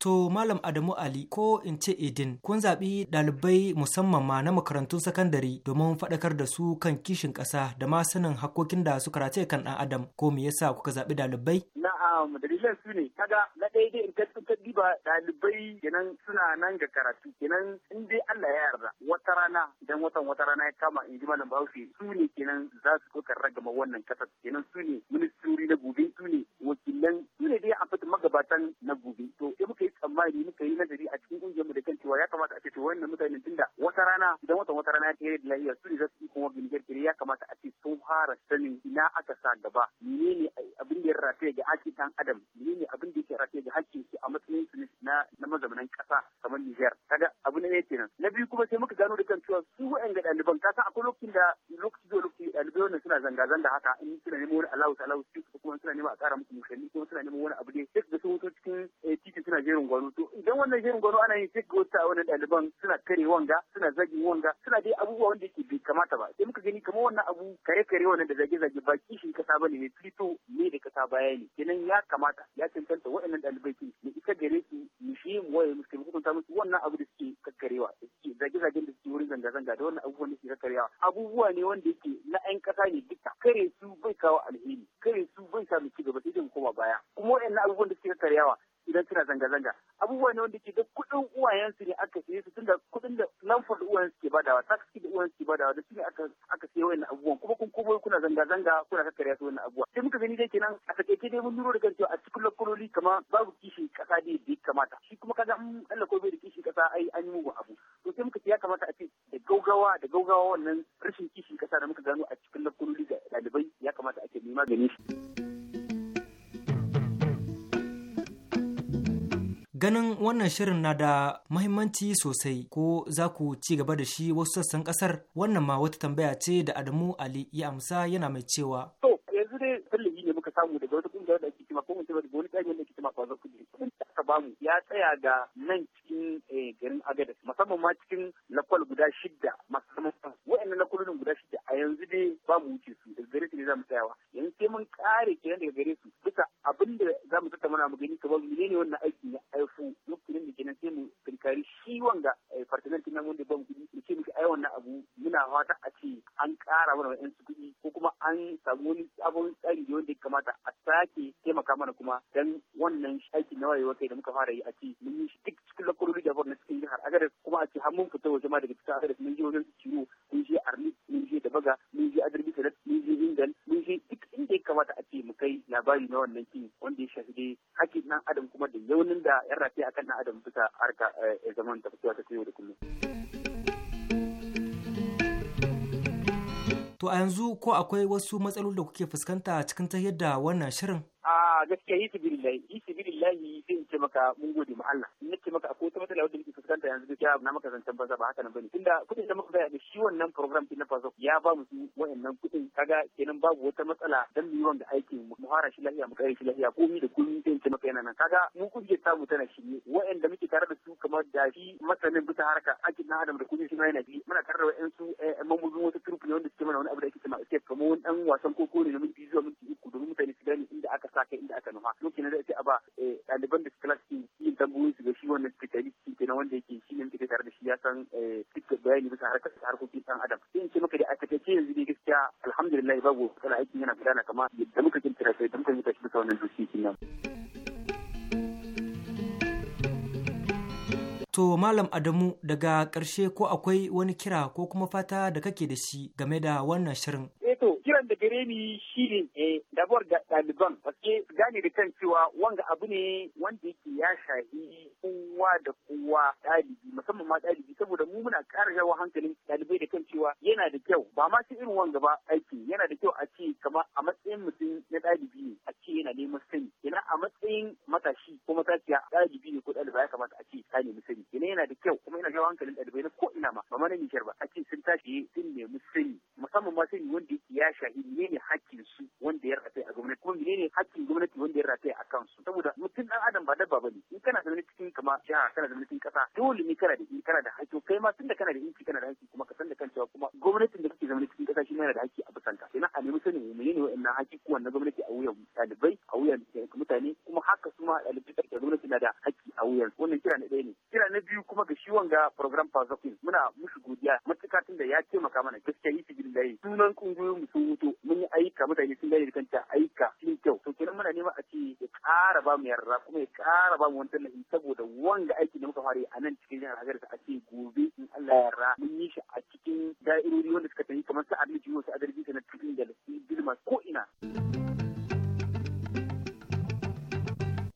To Malam Adamu Ali ko in ce Idin kun zaɓi ɗalibai musamman ma na makarantun sakandare domin faɗakar da su kan kishin ƙasa da ma sanin hakkokin da suka rataye kan ɗan adam ko me yasa kuka zaɓi ɗalibai? Na'am dalilan su ne kaga na ɗaya dai in ka diba ɗalibai kenan suna nan ga karatu kenan in dai Allah ya yarda wata rana idan watan wata rana ya kama in ji malam Bahaushe su ne kenan za su kuka ragama wannan kasar kenan su ne ministiri na gobe su ne wakilan su ne dai a fata magabatan na gobe to tsammani muka yi nazari a cikin kungiyar mu da kan cewa ya kamata a ce to wannan mutane tunda wata rana idan wata wata rana ta yi da lahiya su ne za su yi kuma bindigar kire ya kamata a ce sun fara sanin ina aka sa gaba menene abin da ya rafe ga haƙƙin dan adam menene abin da ya rafe ga haƙƙin su a matsayin su na na mazaunan ƙasa kamar Niger kaga abu ne ne kenan na biyu kuma sai muka gano da kan cewa su wa'en ga ɗaliban ka san akwai lokacin da lokaci zuwa lokaci ɗalibai wannan suna zanga-zanga haka in suna neman wani alawu alawu su kuma suna neman a ƙara musu mushanni kuma suna neman wani abu ne duk da sun wuce wannan shirin gwano ana yin sai ga wani ɗaliban suna kare wanga suna zagi wanga suna dai abubuwa wanda ke bai kamata ba sai muka gani kamar wannan abu kare kare wannan da zage zage ba kishin kasa bane ne fito ne da kasa baya ne kenan ya kamata ya cancanta waɗannan ɗalibai ki ne ita gare su mu shi mu waye mu hukunta musu wannan abu da suke kakkarewa da suke zage zagen da suke wurin zanga zanga da wannan abubuwan da suke kakkarewa abubuwa ne wanda yake na ɗan kasa ne duka kare su bai kawo alheri kare su bai sa mu ci gaba sai dai mu koma baya kuma waɗannan abubuwan da suke kakkarewa idan suna zanga-zanga abubuwa ne wanda ke ga kuɗin uwayensu ne aka siye su tunda kuɗin da lamfar da uwayensu ke badawa tax da uwayensu ke badawa da shine aka aka siye wannan abubuwan kuma kun kuma kuna zanga zanga kuna kakkarya su wannan abubuwa sai muka gani dai kenan a takaice dai mun lura da kan cewa a cikin lakololi kama babu kishin kasa da yadda kamata shi kuma kaga an Allah ko bai da kishin kasa ai an yi mugun abu to sai muka ce ya kamata a ce da gaugawa da gaugawa wannan rashin kishin kasa da muka gano a cikin lakololi ga ɗalibai ya kamata a ce mai maganin shi. Ganin wannan shirin na da mahimmanci sosai ko za ku ci gaba da shi wasu sassan kasar wannan ma wata tambaya ce da Adamu Ali ya amsa yana mai cewa. To yanzu dai tallafi ne muka samu daga wata kungiyar da ake kima ko ba daga wani ƙarfi da ake kima kwazon kuɗi. Kuɗin da aka bamu ya tsaya ga nan cikin eh, garin Agadez musamman ma cikin lakwal guda shidda musamman waɗannan lakwalolin guda shidda a yanzu dai bamu wuce su daga gare su ne za mu tsayawa yanzu sai mun kare kenan daga gare su abin da za mu tattauna mu gani kamar ne wannan aiki na aifu lokacin da kenan sai mu tunkari shi wanga fartinan eh, kinan wanda ban kudi mu ce muke ai wannan abu muna fata a ce an ƙara mana wa'in su kudi ko kuma an samu wani sabon tsari da wanda ya kamata a sake taimaka mana kuma dan wannan aiki na wayewa kai da muka fara yi a ce mun yi shi duk cikin lakwarori da na cikin jihar agadar kuma a ce har mun fita waje ma daga cikin agadar mun je wajen ciwo kai labari na wannan kin wanda ya shafi dai hakkin ɗan adam kuma da yaunin da yan rafi akan ɗan adam suka harka eh, zaman tafiya ta yau da kullum. To a yanzu ko akwai wasu matsaloli da kuke fuskanta cikin ta yadda wannan shirin? A gaskiya yi tibiri lai, yi tibiri lai sai in ce maka mun gode mu Allah. In ce maka akwai wata matsala wadda muke fuskanta yanzu gaskiya na maka zancen banza ba haka nan bane. Tunda kuɗin da muka da shi wannan program din na fazo ya ba mu su wayannan kuɗin kaga kenan babu wata matsala dan mu yi wanda aiki mu mu fara shi lafiya mu kare shi lafiya komi da komi zai in ce maka yana nan. Kaga mu kungiyar tamu tana shi ne wayanda muke tare da su kamar da shi masanin bisa harka aikin na adam da kuɗi shi ma yana bi muna tare da wayansu eh, mamuzin wata turku ne wanda suke mana wani wani abu da ake cewa escape kamar wani dan wasan koko ne na minti zuwa minti uku domin mutane su gane inda aka sa kai inda aka nufa lokacin da ake a ba eh, ɗaliban da class din yin tambayoyin su ga shi wannan specialist kenan wanda yake shi ne muke tare da shi ya san eh, duk bayani bisa harkar harkokin dan adam sai in ce maka da a takaice yanzu ne gaskiya alhamdulillah babu kana aikin yana gudana kamar yadda muka kirkira sai da muka yi tashi bisa wannan dokokin nan. To Malam Adamu daga ƙarshe ko akwai wani kira ko kuma fata da kake da shi game da wannan shirin? Eto, eh to kiran da gare ni shi ne eh, dabuwar da ɗaliban wasu gane da kan cewa wanga abu ne wanda yake ya shahi kowa da kowa ɗalibi musamman ma ɗalibi saboda mu muna ƙara jawo hankalin ɗalibai da kan cewa yana da kyau ba ma shi irin wanga ba aiki yana da kyau a ce kamar a matsayin mutum na ɗalibi ne a ce yana neman sani a matsayin matashi ko matakiya ɗalibi ne ko ɗaliba ya kamata a ce ka nemi sani ina yana da kyau kuma yana jawo hankalin ɗalibai na ko ina ma ba mana nishar ba a ce sun tashi sun nemi sani musamman ma sani wanda ya shahi menene hakkin su wanda ya rataya a gwamnati kuma menene hakkin gwamnati wanda ya rataya a kansu saboda mutum ɗan adam ba dabba bane in kana zaune cikin kama jiha kana zaune cikin ƙasa dole ne kana da kana da hakki kai ma tunda kana da inci kana da hakki kuma ka san da kan cewa kuma gwamnatin da kake zaune cikin ƙasa shi yana da hakki a bisanka sai na a nemi sanin menene wa'annan hakki ko wannan gwamnati a wuyan ɗalibai a wuyan kuma ɗalibai da gwamnati na da haƙƙi a wuyan wannan kira na ɗaya ne kira na biyu kuma ga shi wanga program pazokin muna mushi godiya matuƙa tun da ya taimaka mana gaskiya yi sigilin layi sunan kungiyoyin mu sun wuto mun yi ayyuka mutane sun gane da kanta ayyuka sun kyau to kenan muna neman a ce ya ƙara ba mu yarda kuma ya ƙara ba mu wani tallafi saboda wanga aiki da muka fara a nan cikin jihar Hagar a ce gobe in Allah ya yarda mun yi shi a cikin da'irori wanda suka tafi kamar su Adil Jiwo su Adil Jiwo na cikin da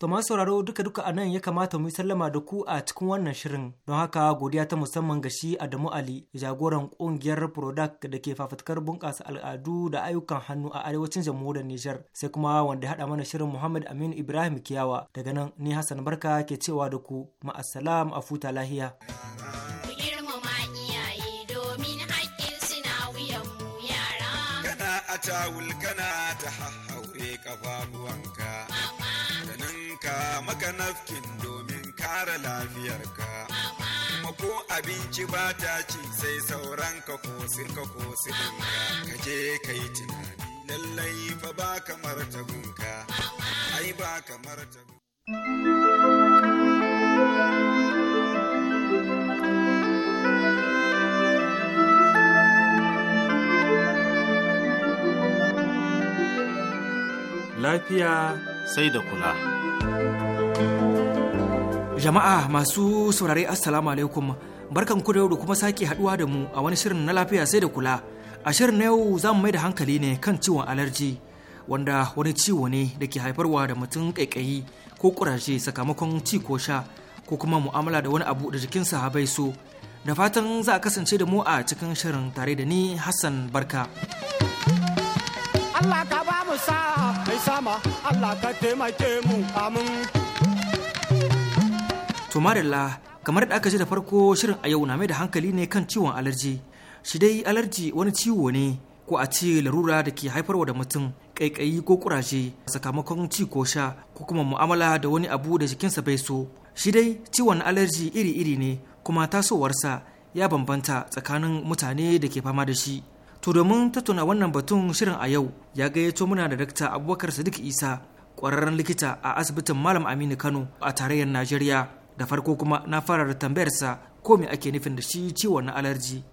To masu sauraro duka-duka a nan ya kamata mu yi sallama da ku a cikin wannan shirin. Don haka godiya ta musamman ga shi Adamu Ali, jagoran kungiyar Prodac da ke fafutukar bunƙasa al'adu da ayyukan hannu a arewacin jamhuriyar Nijar. Sai kuma wanda haɗa mana shirin Muhammad Aminu Ibrahim Kiyawa. Daga nan ni Hassan Barka ke cewa da ku ma'assalam a futa lahiya. ta tawul kana ta haure kafa ka nafkin domin kare lafiyarka. Kuma ko abinci ba ta ci sai sauran ka ko ka ko ɗinka. Ka je ka yi tunani lallai fa ba kamar tabunka. Ai ba kamar tabunka. lafiya sai da kula. Jama'a masu saurare Assalamu alaikum barkan ku da yau da kuma sake haduwa da mu a wani shirin na lafiya sai da kula. A shirin na yau za mu mai da hankali ne kan ciwon alerji wanda wani ciwo ne da ke haifarwa da mutum kaikayi ko kuraje sakamakon ci ko sha ko kuma mu'amala da wani abu da jikinsa bai so. Da fatan za a kasance da mu a cikin shirin tare da ni Hassan Barka. Allah ka ba mu sa mai sama Allah ka taimake mu amin. marilla kamar da aka ji da farko shirin a yau na mai da hankali ne kan ciwon alarji. Shi dai alarji wani ciwo ne ko a ce larura da ke haifarwa da mutum ƙaiƙayi ko ƙuraje sakamakon ci ko sha ko kuma mu'amala da wani abu da jikinsa bai so. Shi dai ciwon alarji iri-iri ne kuma tasowarsa ya bambanta tsakanin mutane da ke fama da shi. To domin tattauna wannan batun shirin a yau ya gayyato muna da Dakta Abubakar Sadiq Isa ƙwararren likita a asibitin Malam Aminu Kano a tarayyar Najeriya. da farko kuma na fara da tambayarsa ko me ake nufin da shi ciwon na alarji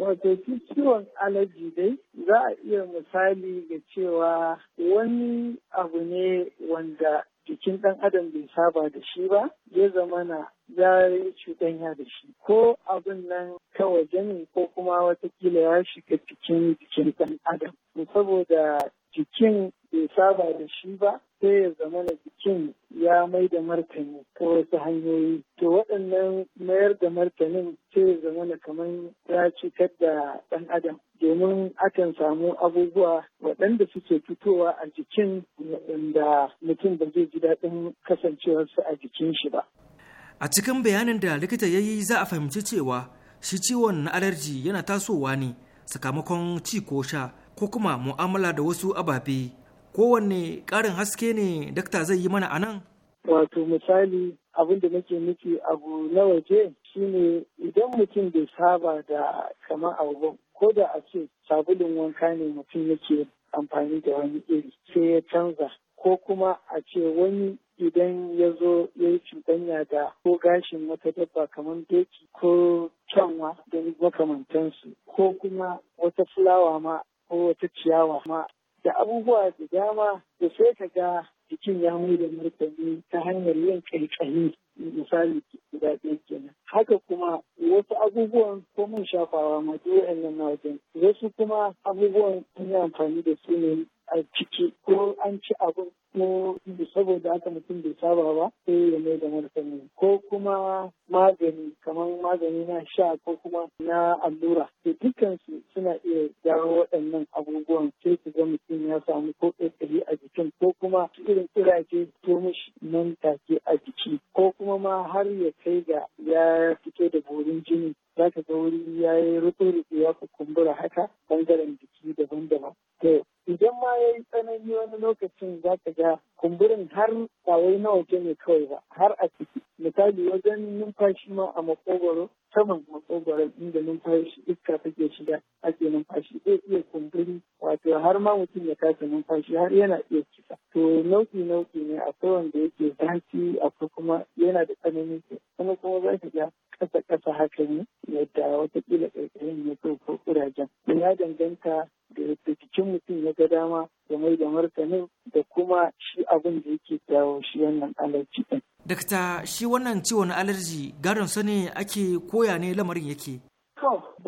wato shi ciwon alaji dai za a iya misali ga cewa wani abu ne wanda jikin ɗan adam bai saba da shi ba ya na ya cutan ya da shi ko abin nan ta waje ne ko kuma watakila ya shiga cikin jikin ɗan adam saboda jikin bai saba da shi ba sai ya zama na jikin ya mai da martani ta wasu hanyoyi to waɗannan mayar da martanin sai ya zama da kamar ya cutar da ɗan adam domin akan samu abubuwa waɗanda suke fitowa a jikin waɗanda mutum ba zai ji daɗin kasancewarsu a jikin shi ba. A cikin bayanin da likita ya yi za a fahimci cewa shi ciwon na alerji yana tasowa ne sakamakon ci ko sha ko kuma mu'amala da wasu ababe kowanne ƙarin haske ne dakta zai yi mana a nan? Wato misali abin da nake nufi abu na waje shine idan mutum bai saba da kamar abubuwan ko da a ce sabulun wanka ne mutum yake amfani da wani iri sai ya canza ko kuma a ce wani idan ya zo ya yi cuɗanya da ko gashin wata dabba kamar doki ko canwa da makamantansu ko kuma wata fulawa ma ko wata ciyawa ma da abubuwa da dama da sai ka ga jikin ya mai da martani ta hanyar yin kaikayi misali guda ɗaya kenan haka kuma wasu abubuwan ko man shafawa ma duk na wajen wasu kuma abubuwan sun yi amfani da su ne a ciki ko an ci abin ko saboda haka mutum bai saba ba sai ya mai da martani ko kuma magani kamar magani na sha ko kuma na allura to dukkan su suna iya jawo waɗannan abubuwan sai su ga sa irin kuraje ko mishi nan take a jiki ko kuma ma har ya kai ga ya fito da borin jini za ka ga wuri ya yi rufe-rufe ya kumbura haka bangaren jiki daban-daban. To idan ma ya yi tsanani wani lokacin za ka ga kumburin har kawai wai na waje ne kawai ba har a ciki. Misali wajen numfashi ma a makogoro saman makogoron inda numfashi iska take shiga ake numfashi zai iya kumburi wato har ma mutum ya kasa numfashi har yana iya to nauki nau'i ne a wanda yake zafi akwai kuma yana da tsanani kuma kuma za ka ga ƙasa kasa haka ne yadda watakila ƙarƙarin ne ko ko ƙurajen ya danganta da yadda jikin mutum ya ga dama da mai da martanin da kuma shi abin da yake jawo shi wannan alaji ɗin. Dakta shi wannan ciwon alarji gadon sani ake koya ne lamarin yake.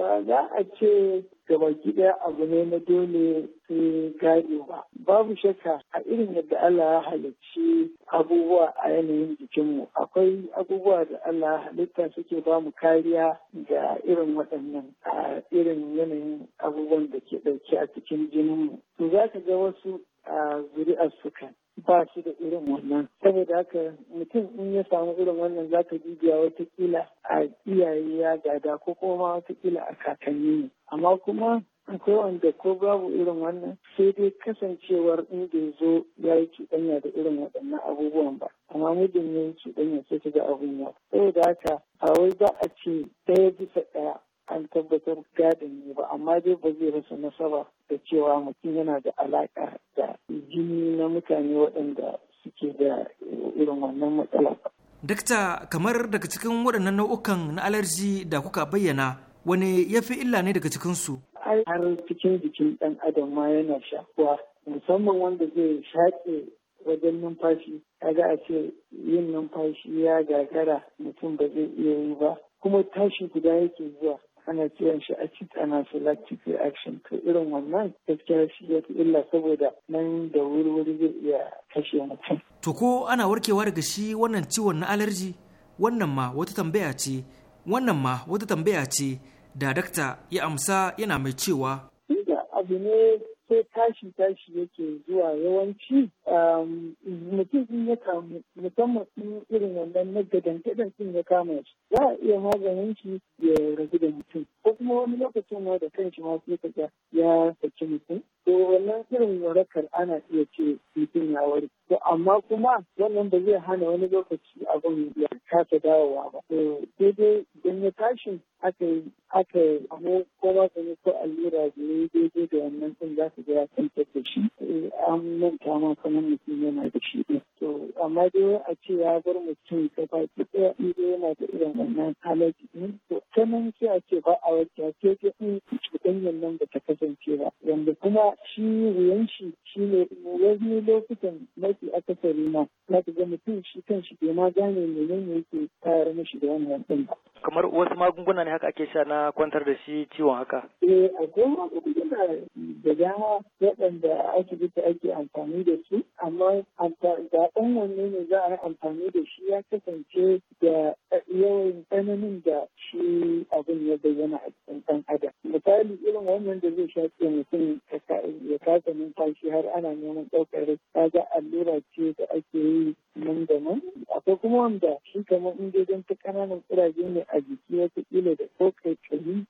ba za a ce gaba gida abu ne na dole sai gado ba babu shakka a irin yadda Allah ya halicci abubuwa a yanayin jikinmu akwai abubuwa da Allah halitta suke ba mu kariya ga irin waɗannan a irin yanayin abubuwan da ke ɗauke a cikin jininmu to za ka ga wasu a zuri'ar sukan ba shi da irin wannan saboda haka mutum in ya samu irin wannan za ka dubiya watakila a iyaye ya gada ko kuma watakila a kakanni ne amma kuma akwai wanda ko babu irin wannan sai dai kasancewar inda ya zo ya yi cuɗanya da irin waɗannan abubuwan ba amma mijin ya yi cuɗanya sai ta ga abun ya saboda haka a wai za a ce ɗaya bisa ɗaya an tabbatar gadin ne ba amma dai ba zai rasa nasaba da cewa mutum yana da alaƙa da jini na mutane waɗanda suke da irin wannan matsala. Dakta kamar daga cikin waɗannan nau'ukan na alerji da kuka bayyana wani ya fi illa ne daga cikinsu? Har cikin jikin ɗan adam ma yana shakuwa musamman wanda zai shaƙe wajen numfashi kaga a ce yin numfashi ya gagara mutum ba zai iya yi ba kuma tashi guda yake zuwa ana kiran shi a ana anaphylactic reaction to irin wannan gaskiya shi ya fi illa saboda nan da wuri-wuri zai iya kashe mutum. To ko ana warkewa daga shi wannan ciwon na alerji? Wannan ma wata tambaya ce, wannan ma wata tambaya ce da dakta ya amsa yana mai cewa. Inda abu ne sai tashi tashi yake zuwa yawanci um, mutum in ya kamu musamman in irin wannan na gadan gadan sun ya kama shi za a iya maganin shi ya rabu da mutum ko kuma wani lokacin ma da kanshi ma sai kaga ya saki mutum to wannan irin warakar ana iya ce mutum ya warke to amma kuma wannan ba zai hana wani lokaci abin ya kasa dawowa ba to daidai idan ya tashi aka yi aka yi amma ko ba su yi ko allura da yi daidai da wannan sun za su jira sun tafi shi eh, an manta ma kamar mutum yana da shi ne to amma dai a ce ya bar mutum gaba ki ɗaya in dai yana da irin wannan halar ne to ta nan ce a ce ba a wajen ce ce in cuɗanyar yannan ba ta kasance ba yanda kuma shi wuyan shi shi ne wani lokutan mafi akasari ma za ka ga mutum shi kan shi bai ma gane menene yake tayar mashi da wannan ɗin ba. kamar wasu magunguna ne haka ake sha na kwantar da shi ciwon haka? Eh, akwai magunguna da dama waɗanda asibiti ake amfani da su, amma ɗan wanne ne za a yi amfani da shi ya kasance da yawan tsananin da shi abin ya bayyana a cikin ɗan adam. Misali irin wannan da zai sha ce mutum ya kasa numfashi har ana neman ɗaukar kaga allura ce da ake yi nan da nan akwai kuma wanda shi kamar in dai ta ƙananan kuraje ne a jiki wata kila da ko kai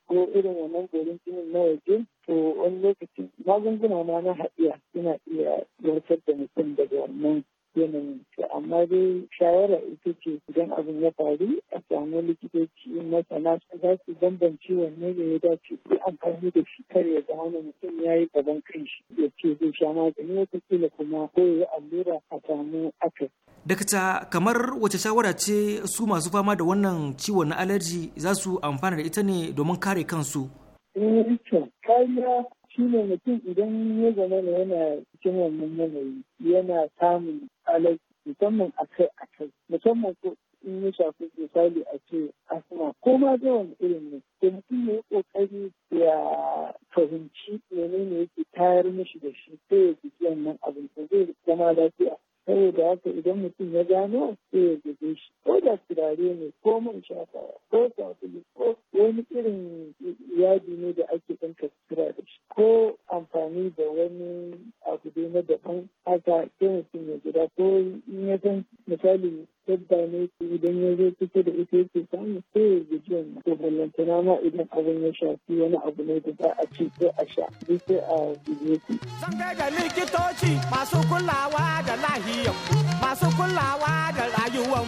ko irin wannan gorin jinin na waje to wani lokaci magunguna ma na haɗiya suna iya warkar da mutum daga wannan yanayin to amma dai shawara ita ce idan abin ya faru a samu likitoci na su za su bambance wanne ne ya dace ko amfani da shi kar ya zama mutum ya yi gaban kan shi ya ce zai sha magani kila kuma ko ya allura a samu aka. Dakta kamar wace shawara ce su masu fama da wannan ciwon na alerji za su amfana da ita ne domin kare kansu? Eh, kariya shi ne mutum idan ya zama yana cikin wannan yanayi yana samun alaƙi musamman akai akai musamman ko in ya shafi misali a ce asma ko ma da wani irin ne to mutum ya yi ƙoƙari ya fahimci menene yake tayar mishi da shi sai ya fi wannan abin da zai zama lafiya saboda haka idan mutum ya gano sai ya guje shi ko da turare ne ko man shafawa ko sabulu ko wani irin yadi ne da ake ɗan kastura da shi ko amfani da wani abu dai na daban haka sai mutum ya gida ko in ya san misali yadda ne idan ya zo kusa da ita yake samu sai ya guji wannan to ballantana ma idan abin ya shafi wani abu ne da za a ci ko a sha duk sai a guje su. zan kai ga likitoci masu kulawa da lahiyar masu kulawa da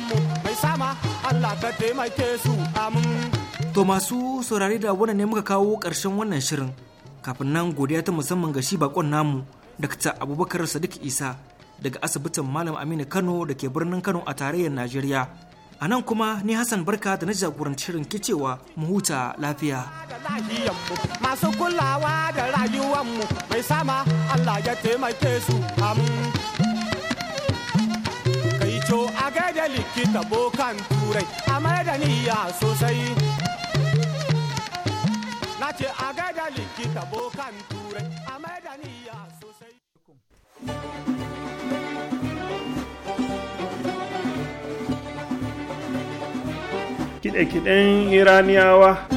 mu mai sama allah ka taimake su amin. to masu saurari da wannan ne muka kawo ƙarshen wannan shirin kafin nan godiya ta musamman ga shi bakon namu Dr. Abubakar Sadiq Isa daga asibitin Malam Aminu Kano da ke birnin Kano a tarayyar Najeriya. A nan kuma ni Hassan Barka da na jagoranci shirin kicewa mu huta lafiya. Masu kulawa da rayuwanmu mai sama Allah ya taimake su Kai co a gaida likita bokan turai a mai da niyya sosai. Na ce a gaida likita bokan turai a mai da niyya kiɗe-kiɗen iraniyawa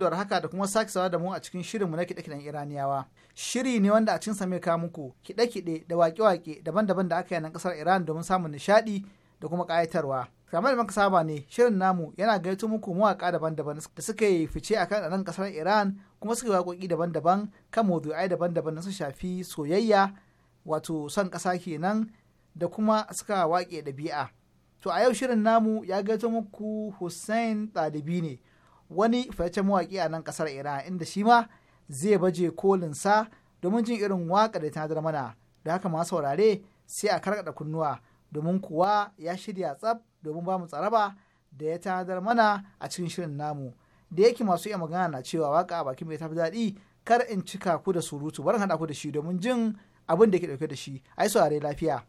da haka da kuma sake sawa da mu a cikin shirinmu na kiɗe-kiɗen iraniyawa shiri ne wanda a cikin sa mai muku kide kide da waƙe-waƙe daban-daban da aka yi nan kasar iran domin samun nishaɗi da kuma kayatarwa. kamar da saba ne shirin namu yana gaito muku mawaka daban-daban da suka fice a kan nan kasar iran kuma suka yi waƙoƙi daban-daban kan mawdu'ai daban-daban da su shafi soyayya wato son ƙasa kenan da kuma suka waƙe ɗabi'a to a yau shirin namu ya gaito muku hussein ɗalibi ne wani fitaccen mawaƙi a nan ƙasar iran inda shi ma zai baje kolin sa domin jin irin waƙa da ta mana da haka ma saurare sai a karkaɗa kunnuwa domin kuwa ya shirya tsab domin ba mu tsaraba da ya tanadar mana a cikin shirin namu da yake masu iya magana na cewa waka a bakin mai tafi daɗi kar in cika ku da surutu barin haɗa ku da shi domin jin abin da ke ɗauke da shi ai saurare lafiya.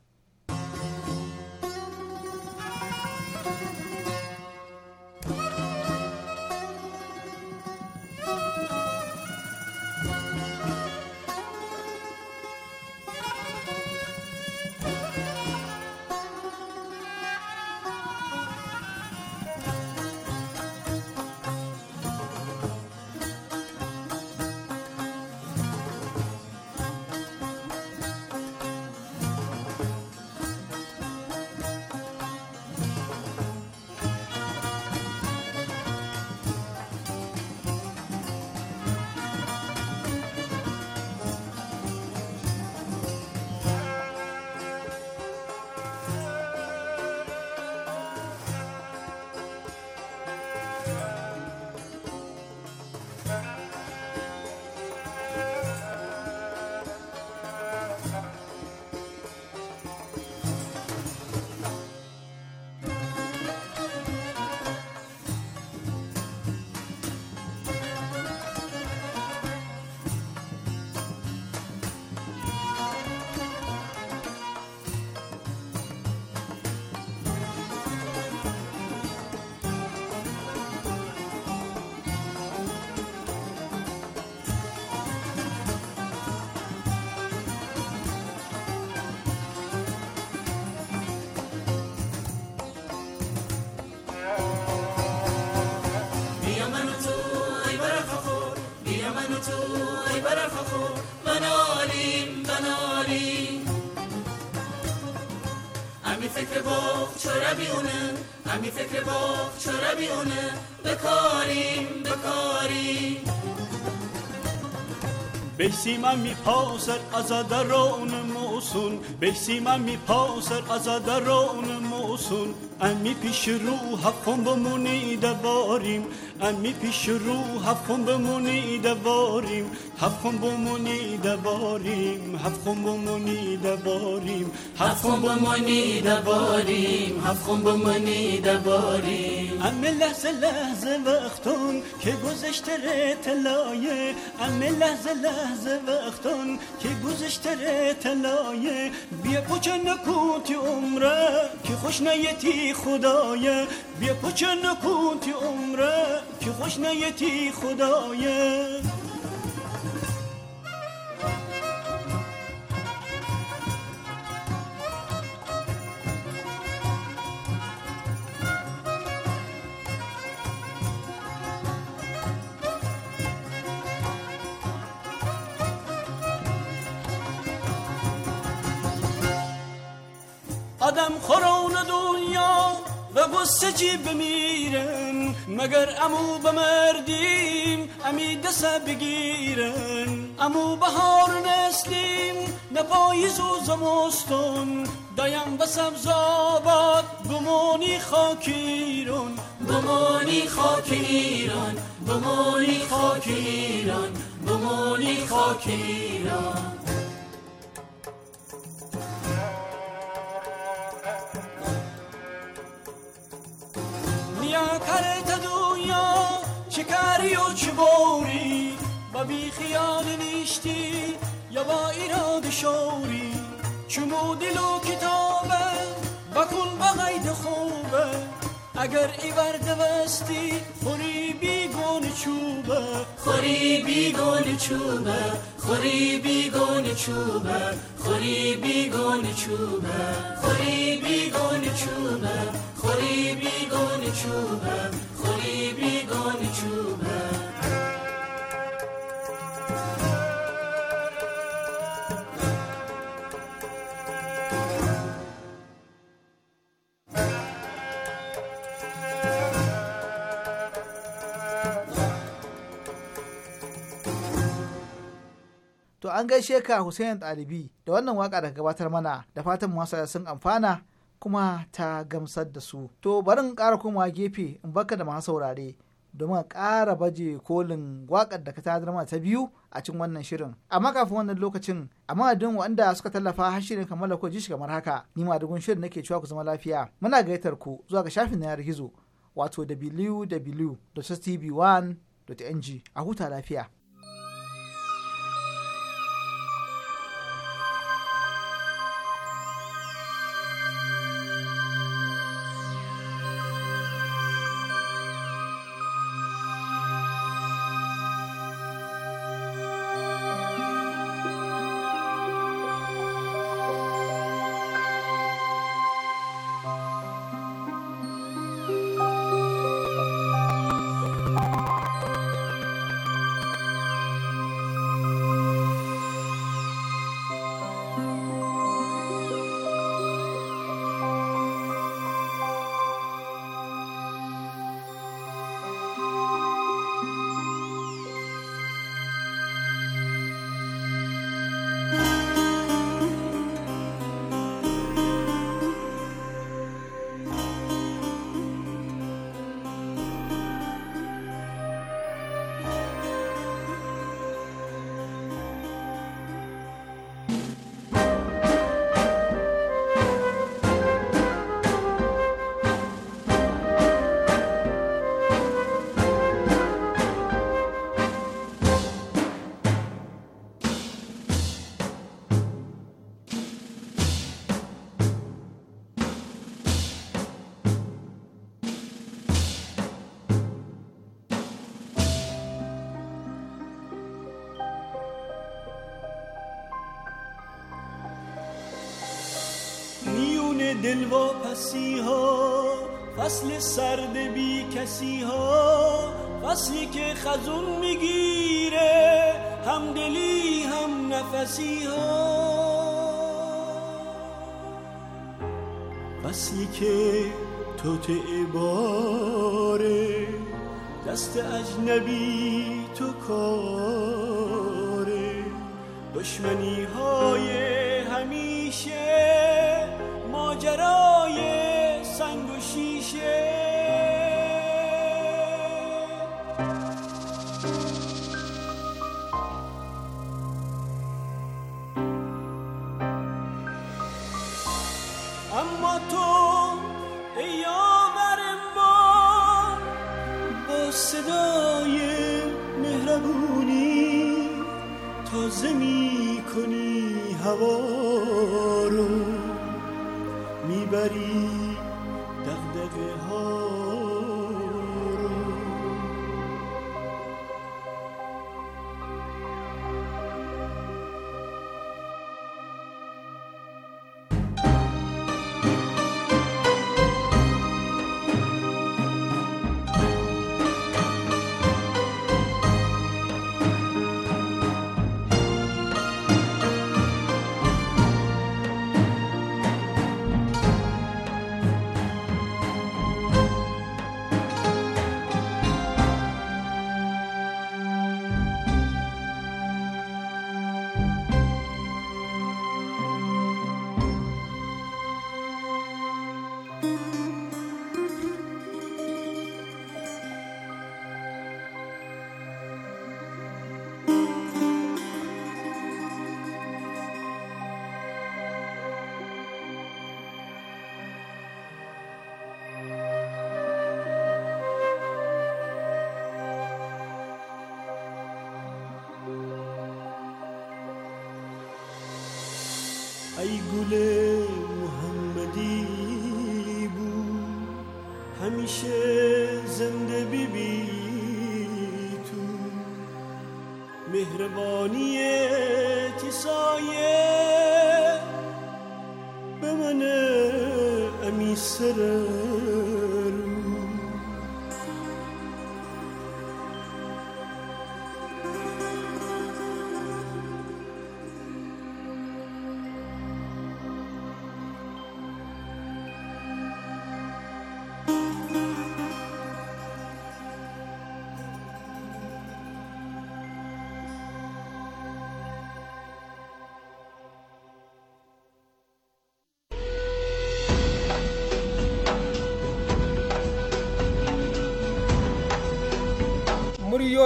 فکر چرا بیونه همی فکر بخ چرا بیونه بکاریم بکاریم می پاسر از درون موسون می پاسر از درون موسون امی پیش رو هفون بمونی دواریم امی پیش رو هفون بمونی دواریم هفون بمونی دواریم هفون بمونی دواریم هفون بمونی دواریم هفون بمونی دواریم امی لحظه لحظه وقتون که گذشت ره تلایه امی لحظه لحظه وقتون که گذشت ره تلایه بیا پوچه نکوتی عمره که خوش نیتی خدایا خدایه بیا پچن عمره که خوش نیتی خدایه آدم خورون دنیا و گسته چی بمیرن مگر امو بمردیم امید دسه بگیرن امو بهار نسلیم نه و زمستون دایم به سبز آباد بمونی خاک ایران بمونی خاک ایران بمونی خاک ایران بمونی خاک ایران دنیا چه کاری و چه باری با بی خیال نیشتی یا با ایراد شوری چه مدل و کتابه بکن با غید خوبه اگر ای ورد وستی خوری بیگون چوبه خوری بیگون چوبه خوری بیگون چوبه خوری بیگون چوبه خوری بیگون چوبه خوری بیگون چوبه خوری بیگون چوبه an gaishe ka Hussein ɗalibi da wannan waka da gabatar mana da fatan masu sun amfana kuma ta gamsar da su. To barin ƙara koma gefe in baka da masu saurare domin ƙara baje kolin wakar da ka ta mana ta biyu a cikin wannan shirin. Amma kafin wannan lokacin a madadin wanda suka tallafa har shirin kamar ko jishi kamar haka ni ma dugun shirin nake cewa ku zama lafiya. Muna gaitar ku zuwa ga shafin na yanar gizo wato www.tv1.ng a huta lafiya. سرد بی کسی ها فصلی که خزون میگیره هم دلی هم نفسی ها فصلی که توت عباره دست اجنبی تو کاره دشمنی های همیشه ماجرا شیشه اما تو ای ما با صدای مهربونی تازه می کنی هوا رو میبری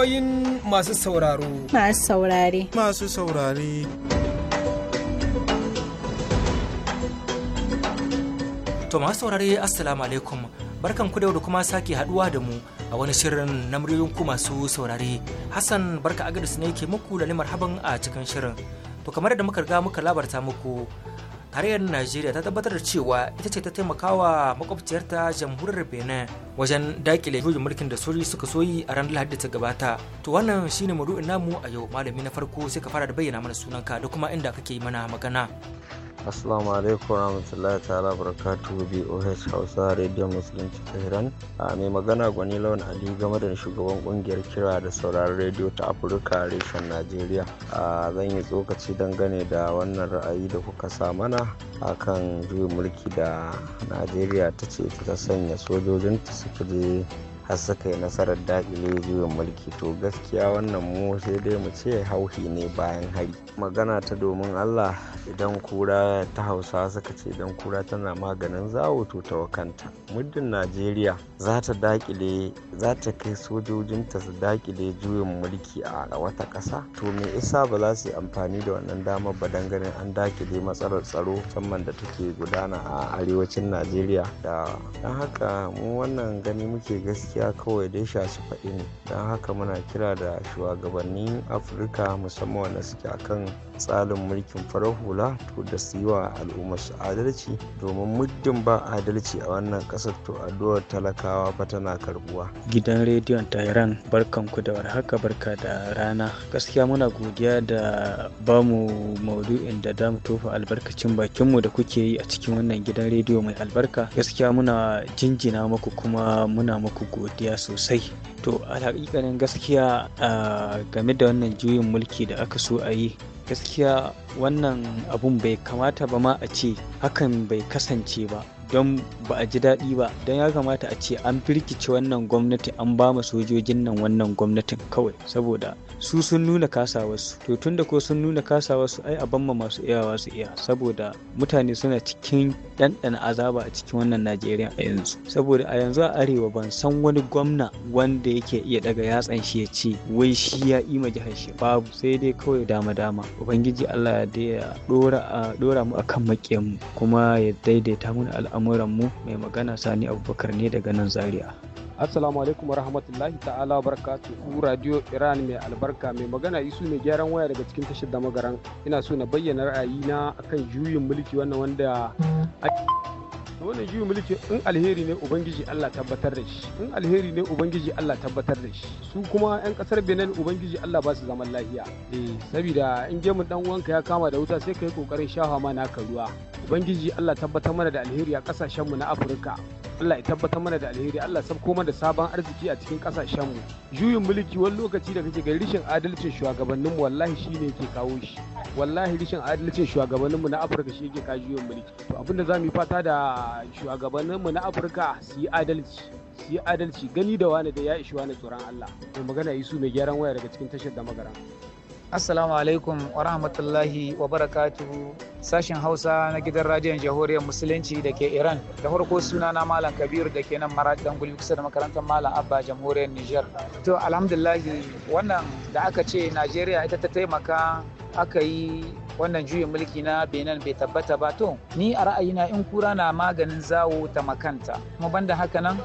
Ra'ayoyin masu sauraro. Masu saurare. Masu saurare. To masu saurare Assalamu alaikum. Barkan ku da da kuma sake haduwa da mu a wani shirin na muryoyin ku masu saurare. Hassan barka agadis ne ke muku lalimar haban a cikin shirin. To kamar da muka riga muka labarta muku tarayyar najeriya ta tabbatar da cewa ita ce ta taimakawa makwabciyarta jamhuriyar benin wajen dakile jojin mulkin da soji suka soyi a ranar lahadi da ta gabata to wannan shine maudu'in namu a yau malami na farko sai ka fara da bayyana mana sunanka da kuma inda kake mana magana Assalamu alaikum warahmatullahi ta'ala barakatu BOH Hausa Radio Muslim Tehran. A mai magana gwani lawan Ali game da shugaban kungiyar kira da sauraron rediyo ta Afirka reshen Najeriya. A zan yi tsokaci dangane da wannan ra'ayi da kuka sa mana akan juyin mulki da najeriya ta ce ta sanya sojojinta suka je har suka yi nasarar daƙile juyin mulki to gaskiya wannan mu sai dai mu ce hauhi ne bayan hari magana ta domin allah idan kura ta hausa suka ce idan kura tana maganin zawo to ta wakanta muddin najeriya za ta kai sojojinta su dakile juyin mulki a wata ƙasa to me isa ba za su yi amfani da wannan damar ba dan ganin an dakile matsalar tsaro musamman da take gudana a arewacin najeriya da don haka mu wannan gani muke gaskiya kawai dai sha su faɗi ne don haka muna kira da shugabannin afirka musamman wanda suke akan tsarin mulkin farar hula to da su yi wa al'ummar su adalci domin muddin ba adalci a wannan kasar to addu'ar talakawa fa tana karbuwa. Gidan rediyon Tehran barkan ku da warhaka barka da rana gaskiya muna godiya da bamu maudu'in da damu tofa albarkacin bakin mu da kuke yi a cikin wannan gidan rediyo mai albarka gaskiya muna jinjina muku kuma muna muku godiya sosai to a gaskiya game da wannan juyin mulki da aka so a yi gaskiya wannan abun bai kamata ba ma a ce hakan bai kasance ba don ba a ji daɗi ba don ya kamata a ce an firkice wannan gwamnati an ba ma sojojin nan wannan gwamnatin kawai saboda su sun nuna kasawarsu to tunda ko sun nuna kasawarsu ai a banma masu iyawa su iya saboda mutane suna cikin ɗanɗana azaba a cikin wannan najeriya a yanzu saboda a yanzu a arewa ban san wani gwamna wanda yake iya daga yatsan shi ya ce wai shi ya ima jihar shi babu sai dai kawai dama dama ubangiji allah ya dora mu akan makiyan mu kuma ya daidaita mana al'amura lamuran mu mai magana Sani Abubakar ne daga nan Zaria. Assalamu alaikum warahmatullahi ta'ala barakatuhu Radio Iran mai albarka mai magana isu mai gyaran waya daga cikin tashar da magaran ina so na bayyana ra'ayina akan juyin mulki wannan wanda wannan juyin mulki in alheri ne ubangiji Allah tabbatar da shi in alheri ne ubangiji Allah tabbatar da shi su kuma yan kasar Benin ubangiji Allah ba su zaman lafiya eh saboda in mu dan uwanka ya kama da wuta sai kai kokarin shafa ma naka ruwa ubangiji Allah tabbatar mana da alheri a kasashen mu na Afirka Allah ya tabbatar mana da alheri Allah sabko mana sabon arziki a cikin kasashen mu juyin mulki wani lokaci da kake gari rishin adalcin shugabannin mu wallahi shine yake kawo shi wallahi rishin adalcin shugabannin mu na Afirka shi yake kawo juyin mulki to abinda za mu yi fata da shugabannin mu na Afirka su yi adalci su yi adalci gani da wani da ya ishi wani tsoron Allah mai magana yi su mai gyaran waya daga cikin tashar da magara Assalamu alaikum wa rahmatullahi wa barakatu sashen Hausa na gidan radiyon jahoriyar Musulunci da ke Iran. Da farko suna na Malam Kabiru da ke nan Marat Danguli kusa da makarantar Malam Abba Jamhuriyar Nijar. To alhamdulillahi wannan da aka ce Najeriya ita ta taimaka aka yi wannan juyin mulki na benin bai tabbata ba to ni a ra'ayina in kura na maganin zawo ta makanta kuma banda haka nan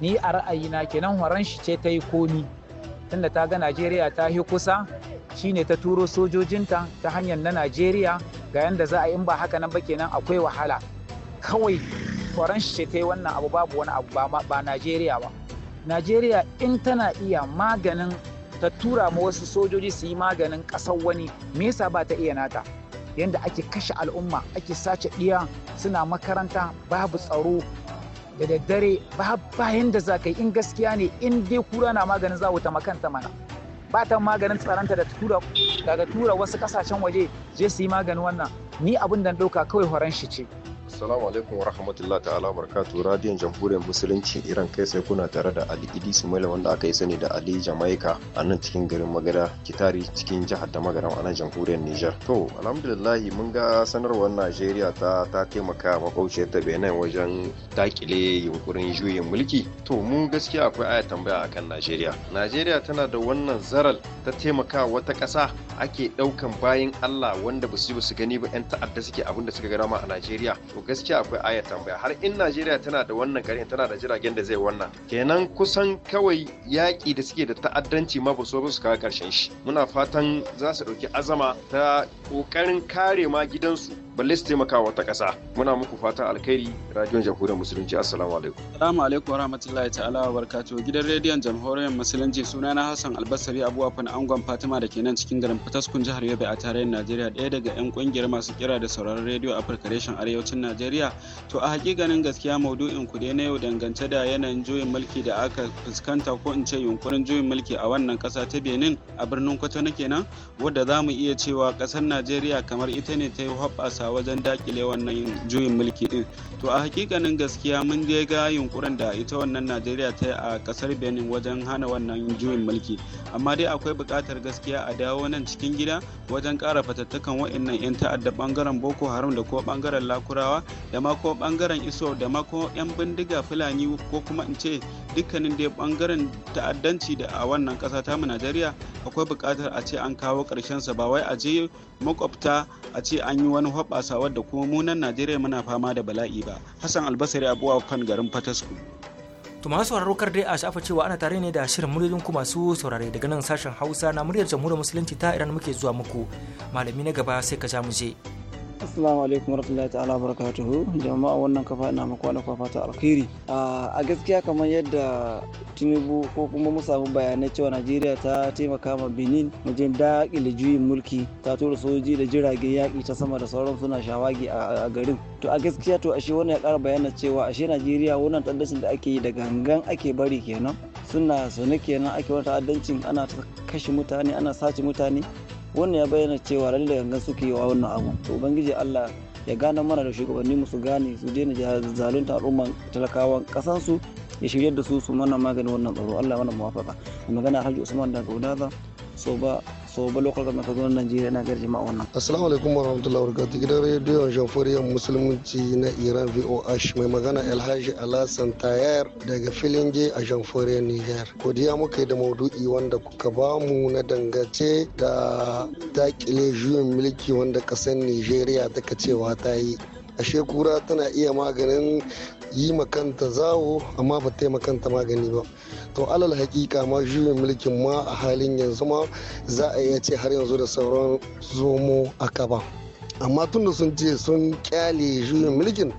ni a ra'ayina kenan horon shi ce ta yi komi tunda ta ga najeriya ta yi kusa shine ta turo sojojinta ta hanyar na najeriya ga yanda za a in ba haka nan ba kenan akwai wahala kawai faransa shi ta wannan abu babu wani abu ba najeriya ba najeriya in tana iya maganin ta tura ma wasu sojoji su yi maganin ƙasar wani me yasa ba ta iya nata yanda ake kashe al'umma ake sace ɗiya suna makaranta babu tsaro da daddare Ba yadda za ka yi in gaskiya ne in dai kura na maganin za ta makanta mana ba ta maganin tsaranta da tura daga tura wasu kasashen waje je su yi maganin wannan ni abin da ɗauka kawai horon shi ce Assalamu alaikum wa rahmatullahi ta'ala barkatu radiyon jamhuriyar musulunci Iran kai sai kuna tare da Ali Idris wanda aka yi sani da Ali Jamaica a nan cikin garin Magada Kitari cikin jihar da Magaram a nan jamhuriyar Nijar. To alhamdulillah mun ga sanarwar Najeriya ta ta taimaka makwauciyar ta Benin wajen dakile yunkurin juyin mulki. To mu gaskiya akwai aya tambaya akan Najeriya. Najeriya tana da wannan zaral ta taimaka wata ƙasa ake ɗaukan bayan Allah wanda ba su ba su gani ba 'yan ta'adda suke abinda suka gara ma a Najeriya. gaskiya akwai aya tambaya har in Najeriya tana da wannan karhin tana da jiragen da zai wannan kenan kusan kawai yaƙi da suke da ta'addanci ma ba su kawo karshen shi muna fatan za su ɗauki azama ta ƙoƙarin kare ma gidansu balle su taimaka wata ƙasa muna muku fatan alkhairi radiyon jamhuriyar musulunci assalamu alaikum assalamu alaikum warahmatullahi ta'ala wa barakatuh gidan rediyon jamhuriyar musulunci suna na hassan albasari abuwafin angon fatima da ke nan cikin garin fataskun jihar yobe a tarayyar najeriya ɗaya daga yan ƙungiyar masu kira da sauraron rediyo afirka reshen arewacin najeriya to a hakikanin gaskiya maudu'in ku dai na yau dangance da yanayin juyin mulki da aka fuskanta ko in ce yunkurin juyin mulki a wannan ƙasa ta benin a birnin na kenan wadda za mu iya cewa ƙasar najeriya kamar ita ne ta yi hoɓɓasa matasa wajen dakile wannan juyin mulki din to a hakikanin gaskiya mun je ga yunkurin da ita wannan najeriya ta yi a kasar benin wajen hana wannan juyin mulki amma dai akwai buƙatar gaskiya a dawo nan cikin gida wajen ƙara fatattakan wa'annan 'yan ta'adda bangaren boko haram da ko bangaren lakurawa da ma ko bangaren iso da ma ko 'yan bindiga fulani ko kuma in ce dukkanin dai bangaren ta'addanci da a wannan ƙasa mu najeriya akwai buƙatar a ce an kawo ƙarshen sa ba wai a je makwabta a ce an yi wani hoɓasa wadda kuma munan nan najeriya muna fama da bala'i ba hassan albasari abuwa kan garin fatasku to masu sauraro kar dai a shafa cewa ana tare ne da shirin muryoyin ku masu saurare daga nan sashen hausa na muryar jamhuriyar musulunci ta iran muke zuwa muku malami na gaba sai ka ja mu je. Assalamu alaikum warahmatullahi ta'ala barakatuhu jama'a wannan kafa ina muku wani kwafa ta alkhairi a gaskiya kamar yadda Tinubu ko kuma mu samu bayanai cewa Najeriya ta taimaka ma Benin wajen daƙile juyin mulki ta tura sojoji da jiragen yaƙi ta sama da sauran suna shawagi a garin to a gaskiya to ashe wannan ya ƙara bayyana cewa ashe Najeriya wannan tallacin da ake yi da gangan ake bari kenan suna sone kenan ake wani ta'addancin ana kashe mutane ana sace mutane wannan ya bayyana cewa lalle gangan suke yi wa wannan abu to ubangiji Allah ya gane mana da shugabanni mu su gane su daina zalunta al'umman talakawan kasansu ya shirya da su su mana magani wannan tsaro Allah mana muwafaka magana Alhaji Usman daga Udaza so ba so ba local government Kaduna Najeriya na gari jama'a wannan Asalamu alaikum wa wabarakatuh gidan rediyon Jamhuriyar Musulunci na Iran VOH mai magana Alhaji Alhassan Tayar daga filin Filinge a Jamhuriyar Niger godiya muka da maudu'i wanda kuka bamu na dangace da dakile juyin mulki wanda kasan Nijeriya take cewa ta yi ashe kura tana iya maganin yi makanta zawo amma ba ta yi makanta magani ba to alal hakika ma juyin mulkin ma a halin yanzu ma za a iya ce har yanzu da sauran zomo a kaba. amma tun da sun ce sun kyale juyin mulkin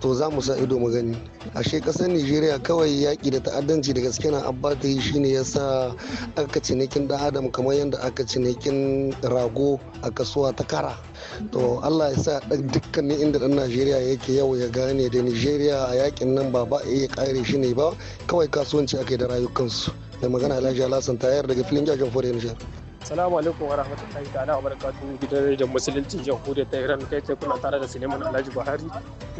to za mu sa ido mu gani ashe kasar nigeria kawai yaƙi da ta'addanci da gaske na abba ta yi shine ya sa aka cinikin dan adam kamar yadda aka cinikin rago a kasuwa ta kara to allah ya sa dukkanin inda dan nigeria yake yau ya gane da nigeria a yaƙin nan ba ba iya kare shi ne ba kawai kasuwanci aka yi da rayukansu da magana alhaji alhassan tayar daga filin jajen fure nijar Salamu alaikum wa rahmatullahi ta'ala wa barakatuhu gidan rediyon musulunci jamhuriyar ta Iran kai ce kuna tare da Suleiman Alhaji Buhari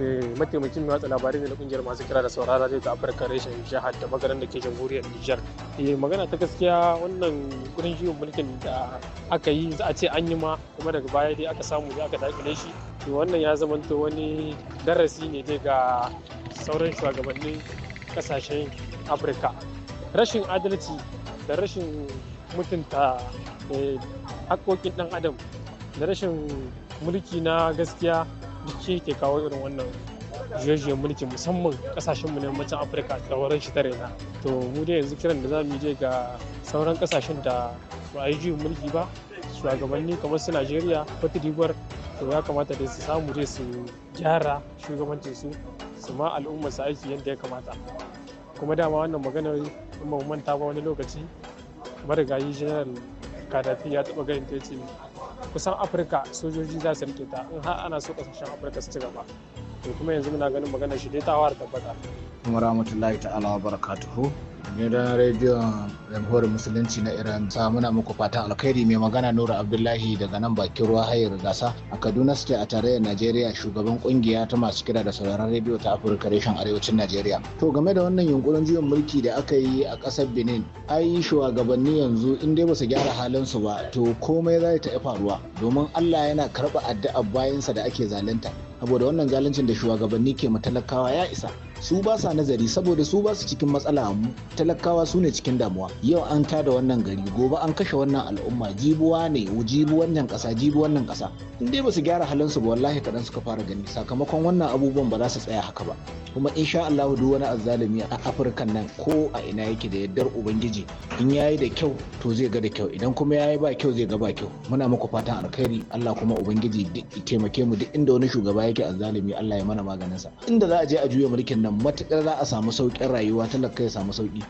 eh, mataimakin watsa labarai ne na kungiyar masu kira da saurara zai ta Afirka reshen jihar da magaran da ke jamhuriyar Nijar. Eh, magana ta gaskiya wannan kudin jiwon mulkin da aka yi za a ce an yi ma kuma daga baya dai aka samu da aka dakile shi wannan ya zamanto wani darasi ne dai ga sauran shugabannin kasashen Afirka. Rashin adalci da rashin mutunta Eh, hakokin ɗan adam da rashin mulki na gaskiya duk ke ke kawo irin wannan juyajiyar mulki musamman mu na yammacin afirka da wurin shi tare na. to mu dai yanzu kiran da za mu je ga sauran kasashen da ba a yi juyin mulki ba shugabanni kamar su najeriya wata dibuwar to ya kamata da su samu dai su gyara shugabancin su su ma al'umma su aiki yadda ya kamata kuma dama wannan maganar in ba manta ba wani lokaci marigayi general kadafi ya taɓa gayin ta kusan afirka sojoji za su rike ta in har ana so kasashen afirka su ci gaba to kuma yanzu muna ganin magana shi dai ta fara tabbata kuma rahmatullahi ta'ala wa barakatuhu gidan rediyon jamhuriyar musulunci na iran sa muna muku fatan alkhairi mai magana nura abdullahi daga nan bakin ruwa hayar gasa a kaduna state a tarayyar najeriya shugaban kungiya ta masu kira da sauraron rediyo ta afirka reshen arewacin najeriya to game da wannan yunkurin juyin mulki da aka yi a kasar benin ai shugabanni yanzu in dai basu gyara halin su ba to komai za ta faruwa domin allah yana karɓa addu'ar bayansa da ake zalunta saboda wannan zaluncin da shugabanni ke matalakawa ya isa su ba sa nazari saboda su ba su cikin matsala talakawa su ne cikin damuwa yau an ta da wannan gari gobe an kashe wannan al'umma jibuwa ne jibu wannan kasa jibu wannan kasa in dai ba su gyara halin su ba wallahi kadan suka fara gani sakamakon wannan abubuwan ba za su tsaya haka ba kuma insha Allah duk wani azzalumi a Afirka nan ko a ina yake da yaddar ubangiji in yayi da kyau to zai ga da kyau idan kuma yayi ba kyau zai ga ba kyau muna muku fatan alkhairi Allah kuma ubangiji duk taimake mu duk inda wani shugaba yake azzalumi Allah ya mana maganin sa inda za a je a juya mulkin nan nan matukar za a samu saukin rayuwa talaka ya samu sauki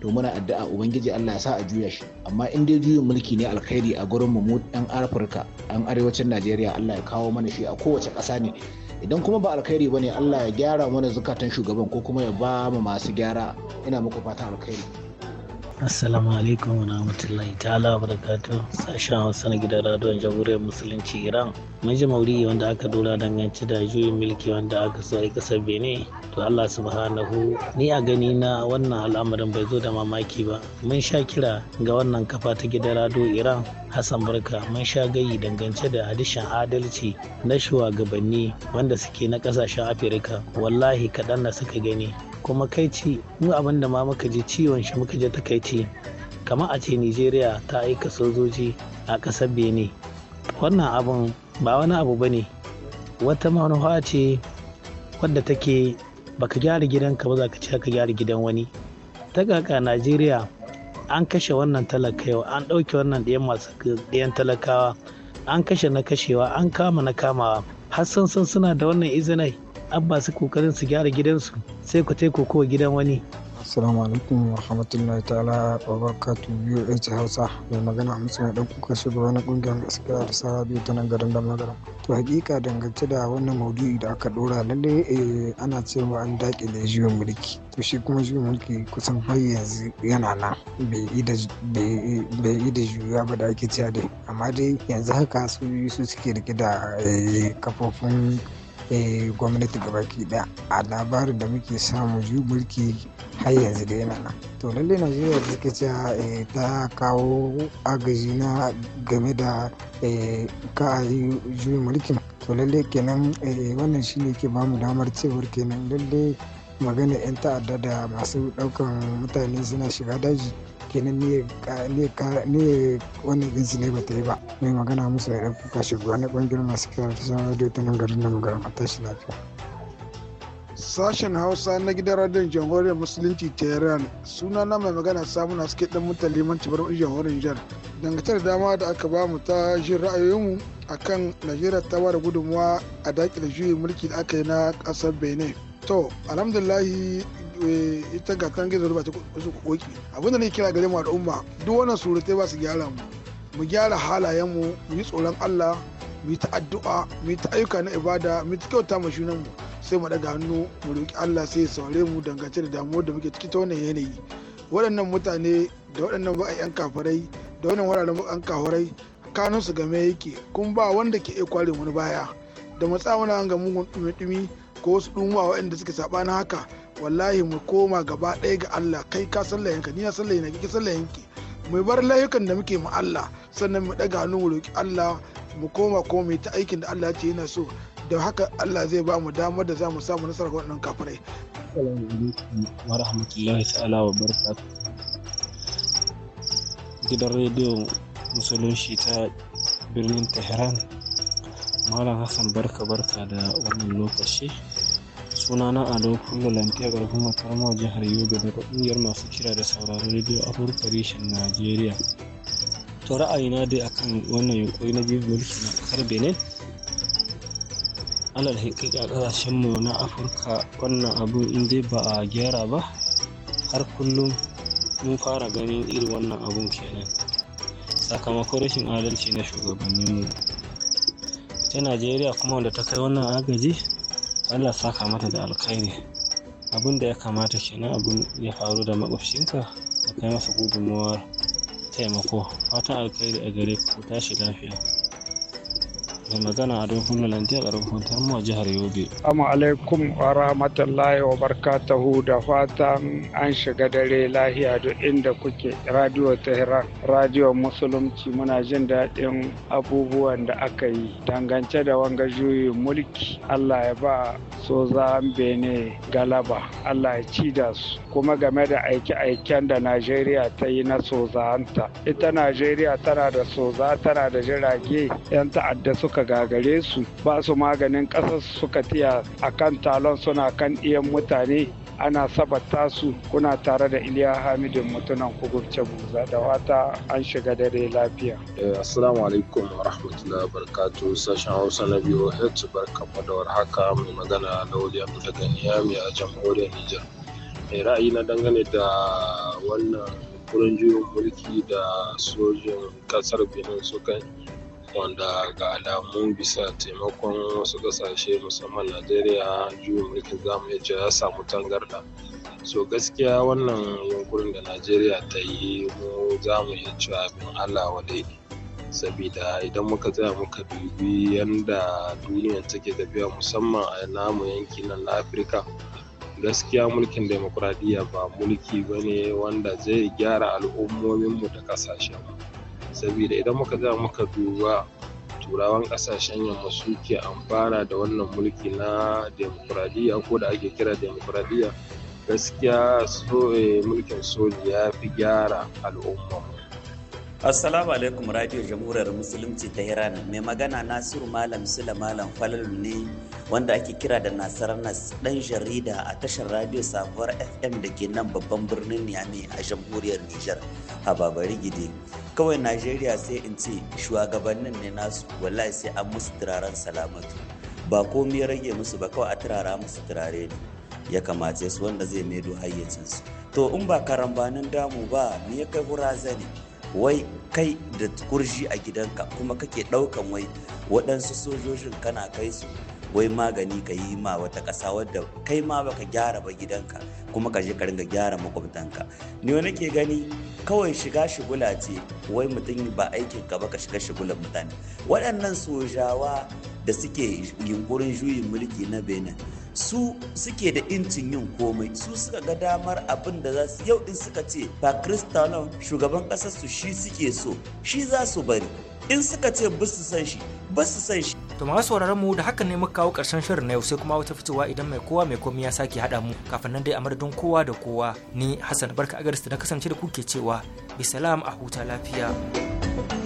to muna addu'a ubangiji Allah ya sa a juya shi amma in dai juyin mulki ne alkhairi a gurin mu yan Afirka an arewacin Najeriya Allah ya kawo mana shi a kowace ƙasa ne idan kuma ba alkhairi bane Allah ya gyara mana zukatan shugaban ko kuma ya ba mu masu gyara ina muku fata alkhairi assalamu alaikum wa rahmatullahi ta'ala barakatu sashen hausa na gidan radon jamhuriyar musulunci iran mun ji mauri wanda aka dora danganci da juyin mulki wanda aka so a kasar benin to allah subhanahu ni a gani na wannan al'amarin bai zo da mamaki ba mun sha kira ga wannan kafa ta gidan rado iran hassan barka mun sha gayi dangance da hadishin adalci na shugabanni wanda suke na kasashen afirka wallahi kaɗan na suka gani kuma kai ci mu abin da ma muka ji ciwon shi muka je ji takaici kamar a ce nigeria ta aika sojoji a ƙasar benin wannan abin ba wani abu ba ne wata manufa ce wadda take baka gyara gidanka ba za ka ce ka gyara gidan wani ta kaka najeriya an kashe wannan talakawa an ɗauke wannan ɗayan masu ɗayan talakawa an kashe na kashewa an kama na kamawa har sun suna da wannan izinai an su kokarin su gyara gidansu sai ku taiko kowa gidan wani Assalamu alaikum wa rahmatullahi ta'ala wa barakatu UH Hausa mai magana Hamisu mai kuka shugaba na kungiyar gaskiya da sara biyu ta nan garin da magana. To hakika dangance da wannan maudu'i da aka dora lalle eh, ana cewa an dakile juyin mulki. To shi kuma juyin mulki kusan har yanzu yana nan bai yi da juya ba da ake cewa dai. Amma dai yanzu haka su su suke rike da eh, kafofin Eh, gwamnati gabaki daya a labarin da muke samu ju mulki har yanzu da yana nan to lalle najeriya da suke cewa eh, ta kawo agaji na game da eh, ka yi mulkin to lalle kenan wannan shine ke bamu damar cewar kenan lalle magana 'yan ta'adda da masu daukan mutane suna shiga daji kenan ne wani ɗinsu ne ba ta yi ba mai magana musu da ɗan kuka shugaba na ƙungiyar masu kira da sauran rediyo ta nan garin da magana tashi lafiya. Sashen Hausa na gidan radiyon jamhuriyar Musulunci Tehran suna na mai magana samu na suke dan mutan limanci barbar jamhuriyar Jar. Dangantar dama da aka ba mu ta jin ra'ayoyinmu akan Najeriya ta ba da gudunmuwa a dakile juyin mulki da aka yi na kasar Benin. to alhamdulillahi eh, ita ga kan gizo ba ta su koki abinda ne kira gare mu al'umma duk wannan surutai ba su gyara mu mu gyara halayen mu mu yi tsoron Allah mu yi ta addu'a mu yi ta ayyuka na ibada mu yi ta kyauta ma shunan mu sai mu daga hannu mu roki Allah sai ya saurare mu dangance da damuwar da muke ciki ta wannan yanayi waɗannan mutane da waɗannan ba a yan kafirai da wannan wuraren ba an kafirai kanun su game yake kun ba wanda ke iya kware wani baya da matsawa na ga mugun dumi-dumi ko wasu ɗumuwa waɗanda suke na haka wallahi mu koma gaba ɗaya ga Allah kai ka sallayen ka ni na sallayen ka ki sallayen ki mu bar layukan da muke mu Allah sannan mu ɗaga hannu mu roki Allah mu koma ko mu ta aikin da Allah ce yana so da haka Allah zai ba mu damar da za mu samu nasarar waɗannan kafirai. Assalamu wa rahmatullahi ta'ala wa barakatuh. Gidan rediyo musulunci ta birnin Tehran Malam Hassan barka barka da wannan lokaci. sunana Ado Kula Lantiya ƙarfin matarmawa jihar Yobe daga kungiyar masu kira da sauraron rediyo Afirka Reshen Najeriya. To ra'ayina dai akan wannan yunkuri na biyu mulki na ƙasar Benin. Alal haƙiƙa mu na Afirka wannan abu in dai ba a gyara ba har kullum mun fara ganin irin wannan abun kenan. Sakamakon rashin adalci na shugabanninmu. Ta Najeriya kuma wanda ta kai wannan agaji Allah saka mata da alkhairi abin da ya kamata kenan abin ya faru da makwabcinka ka kai masa gudunmawar taimako fatan alkhairi a gare ku tashi lafiya da magana a don hulun lantiya ƙarfin mu a jihar yobe. Amma alaikum wa rahmatullahi wa barakatuhu da fatan an shiga dare lahiya duk inda kuke radio tehran radio musulunci muna jin daɗin abubuwan da aka yi dangance da wanga juyin mulki allah ya ba sojan bene galaba allah ya ci da su kuma game da aike-aiken da najeriya ta yi na sojanta. ita najeriya tana da soza tana da jirage 'yan ta'adda suka suka gagare su ba su maganin ƙasar suka tiya kan talon suna kan iyan mutane ana sabata su kuna tare da iliya hamidin mutunan kugurce buza da wata an shiga dare lafiya eh, assalamu alaikum wa rahmatullahi barkatu sashen hausa na biyu h barkamu da warhaka mai magana lauli abu daga niyami a jamhuriyar niger mai eh, ra'ayi na dangane da wannan kurin juyin mulki da sojin kasar benin suka wanda ga alamu bisa taimakon wasu kasashe musamman najeriya juyin mulkin zamu iya cewa ya samu tangarda so gaskiya wannan yunkurin da najeriya ta yi mu za mu iya cewa abin allah wadai sabida idan muka tsaya muka dubi yadda duniya take tafiya musamman a namu yanki nan na afirka gaskiya mulkin demokuraɗiyya ba mulki ba ne wanda zai gyara al'ummominmu da ƙasashenmu saboda idan muka za muka duba turawan kasashen yamma suke amfana da wannan mulki na demokuraɗiyya ko da ake kira demokuraɗiyya gaskiya eh, mulkin soji ya fi gyara al'umma assalamu alaikum radio jamhuriyar musulunci ta mai magana nasiru malam sula malam falalu ne wanda ake kira da Nasaranas dan jarida a tashar radio sabuwar FM da ke nan babban birnin Niamey a jamhuriyar Nijar a babari gidi. Kawai Najeriya sai in ce shugabannin ne nasu wallahi sai an musu turaren salamatu. Ba komai rage musu ba kawai a turara musu turare ne. Ya kamace su wanda zai maido hayyacinsu. To in ba karambanin damu ba me ya kai hura zani wai kai da kurji a gidanka kuma kake ɗaukan wai waɗansu sojojin kana kai su wai magani ka yi ma wata ƙasa wadda kai ma baka gyara ba gidanka kuma ka je ka ringa gyara makwabtanka ni wani ke gani kawai shiga shigula ce wai mutum ba aikin ka ba ka shiga shigulan mutane waɗannan sojawa da suke yunkurin juyin mulki na benin su suke da incin yin komai su suka ga damar abin da za su yau din suka ce ba kristalon shugaban ƙasar su shi suke so shi za su bari in suka ce bisu san shi ba su san shi to ma sauraron mu da haka ne muka kawo karshen shirin na yau sai kuma wata fitowa idan mai kowa mai komai ya sake haɗa mu kafin nan dai a madadin kowa da kowa ni Hassan Barka Agarista na kasance da kuke cewa bisalam a huta lafiya thank you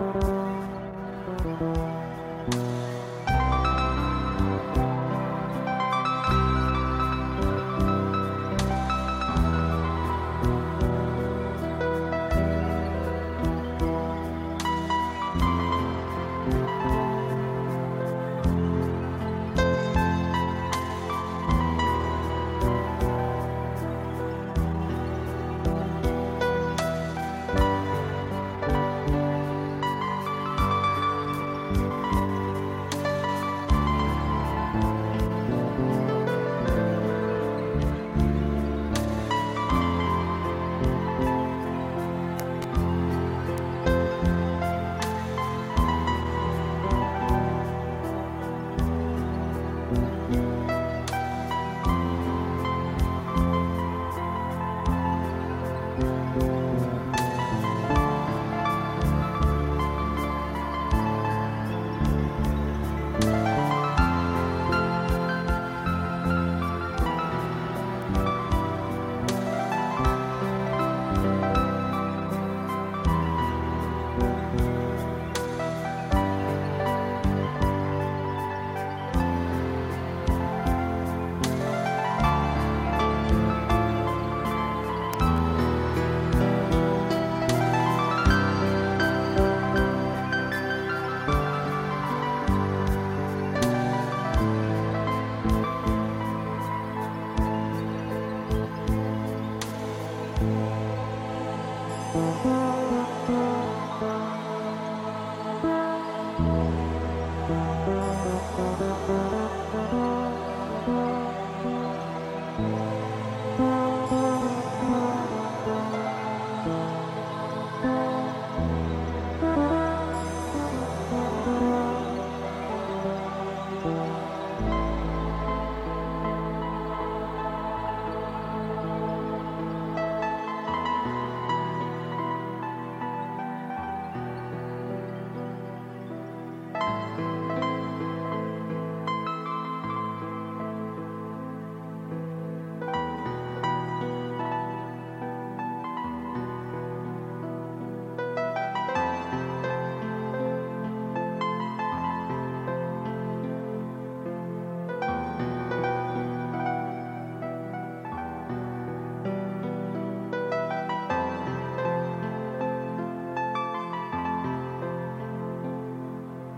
Thank you.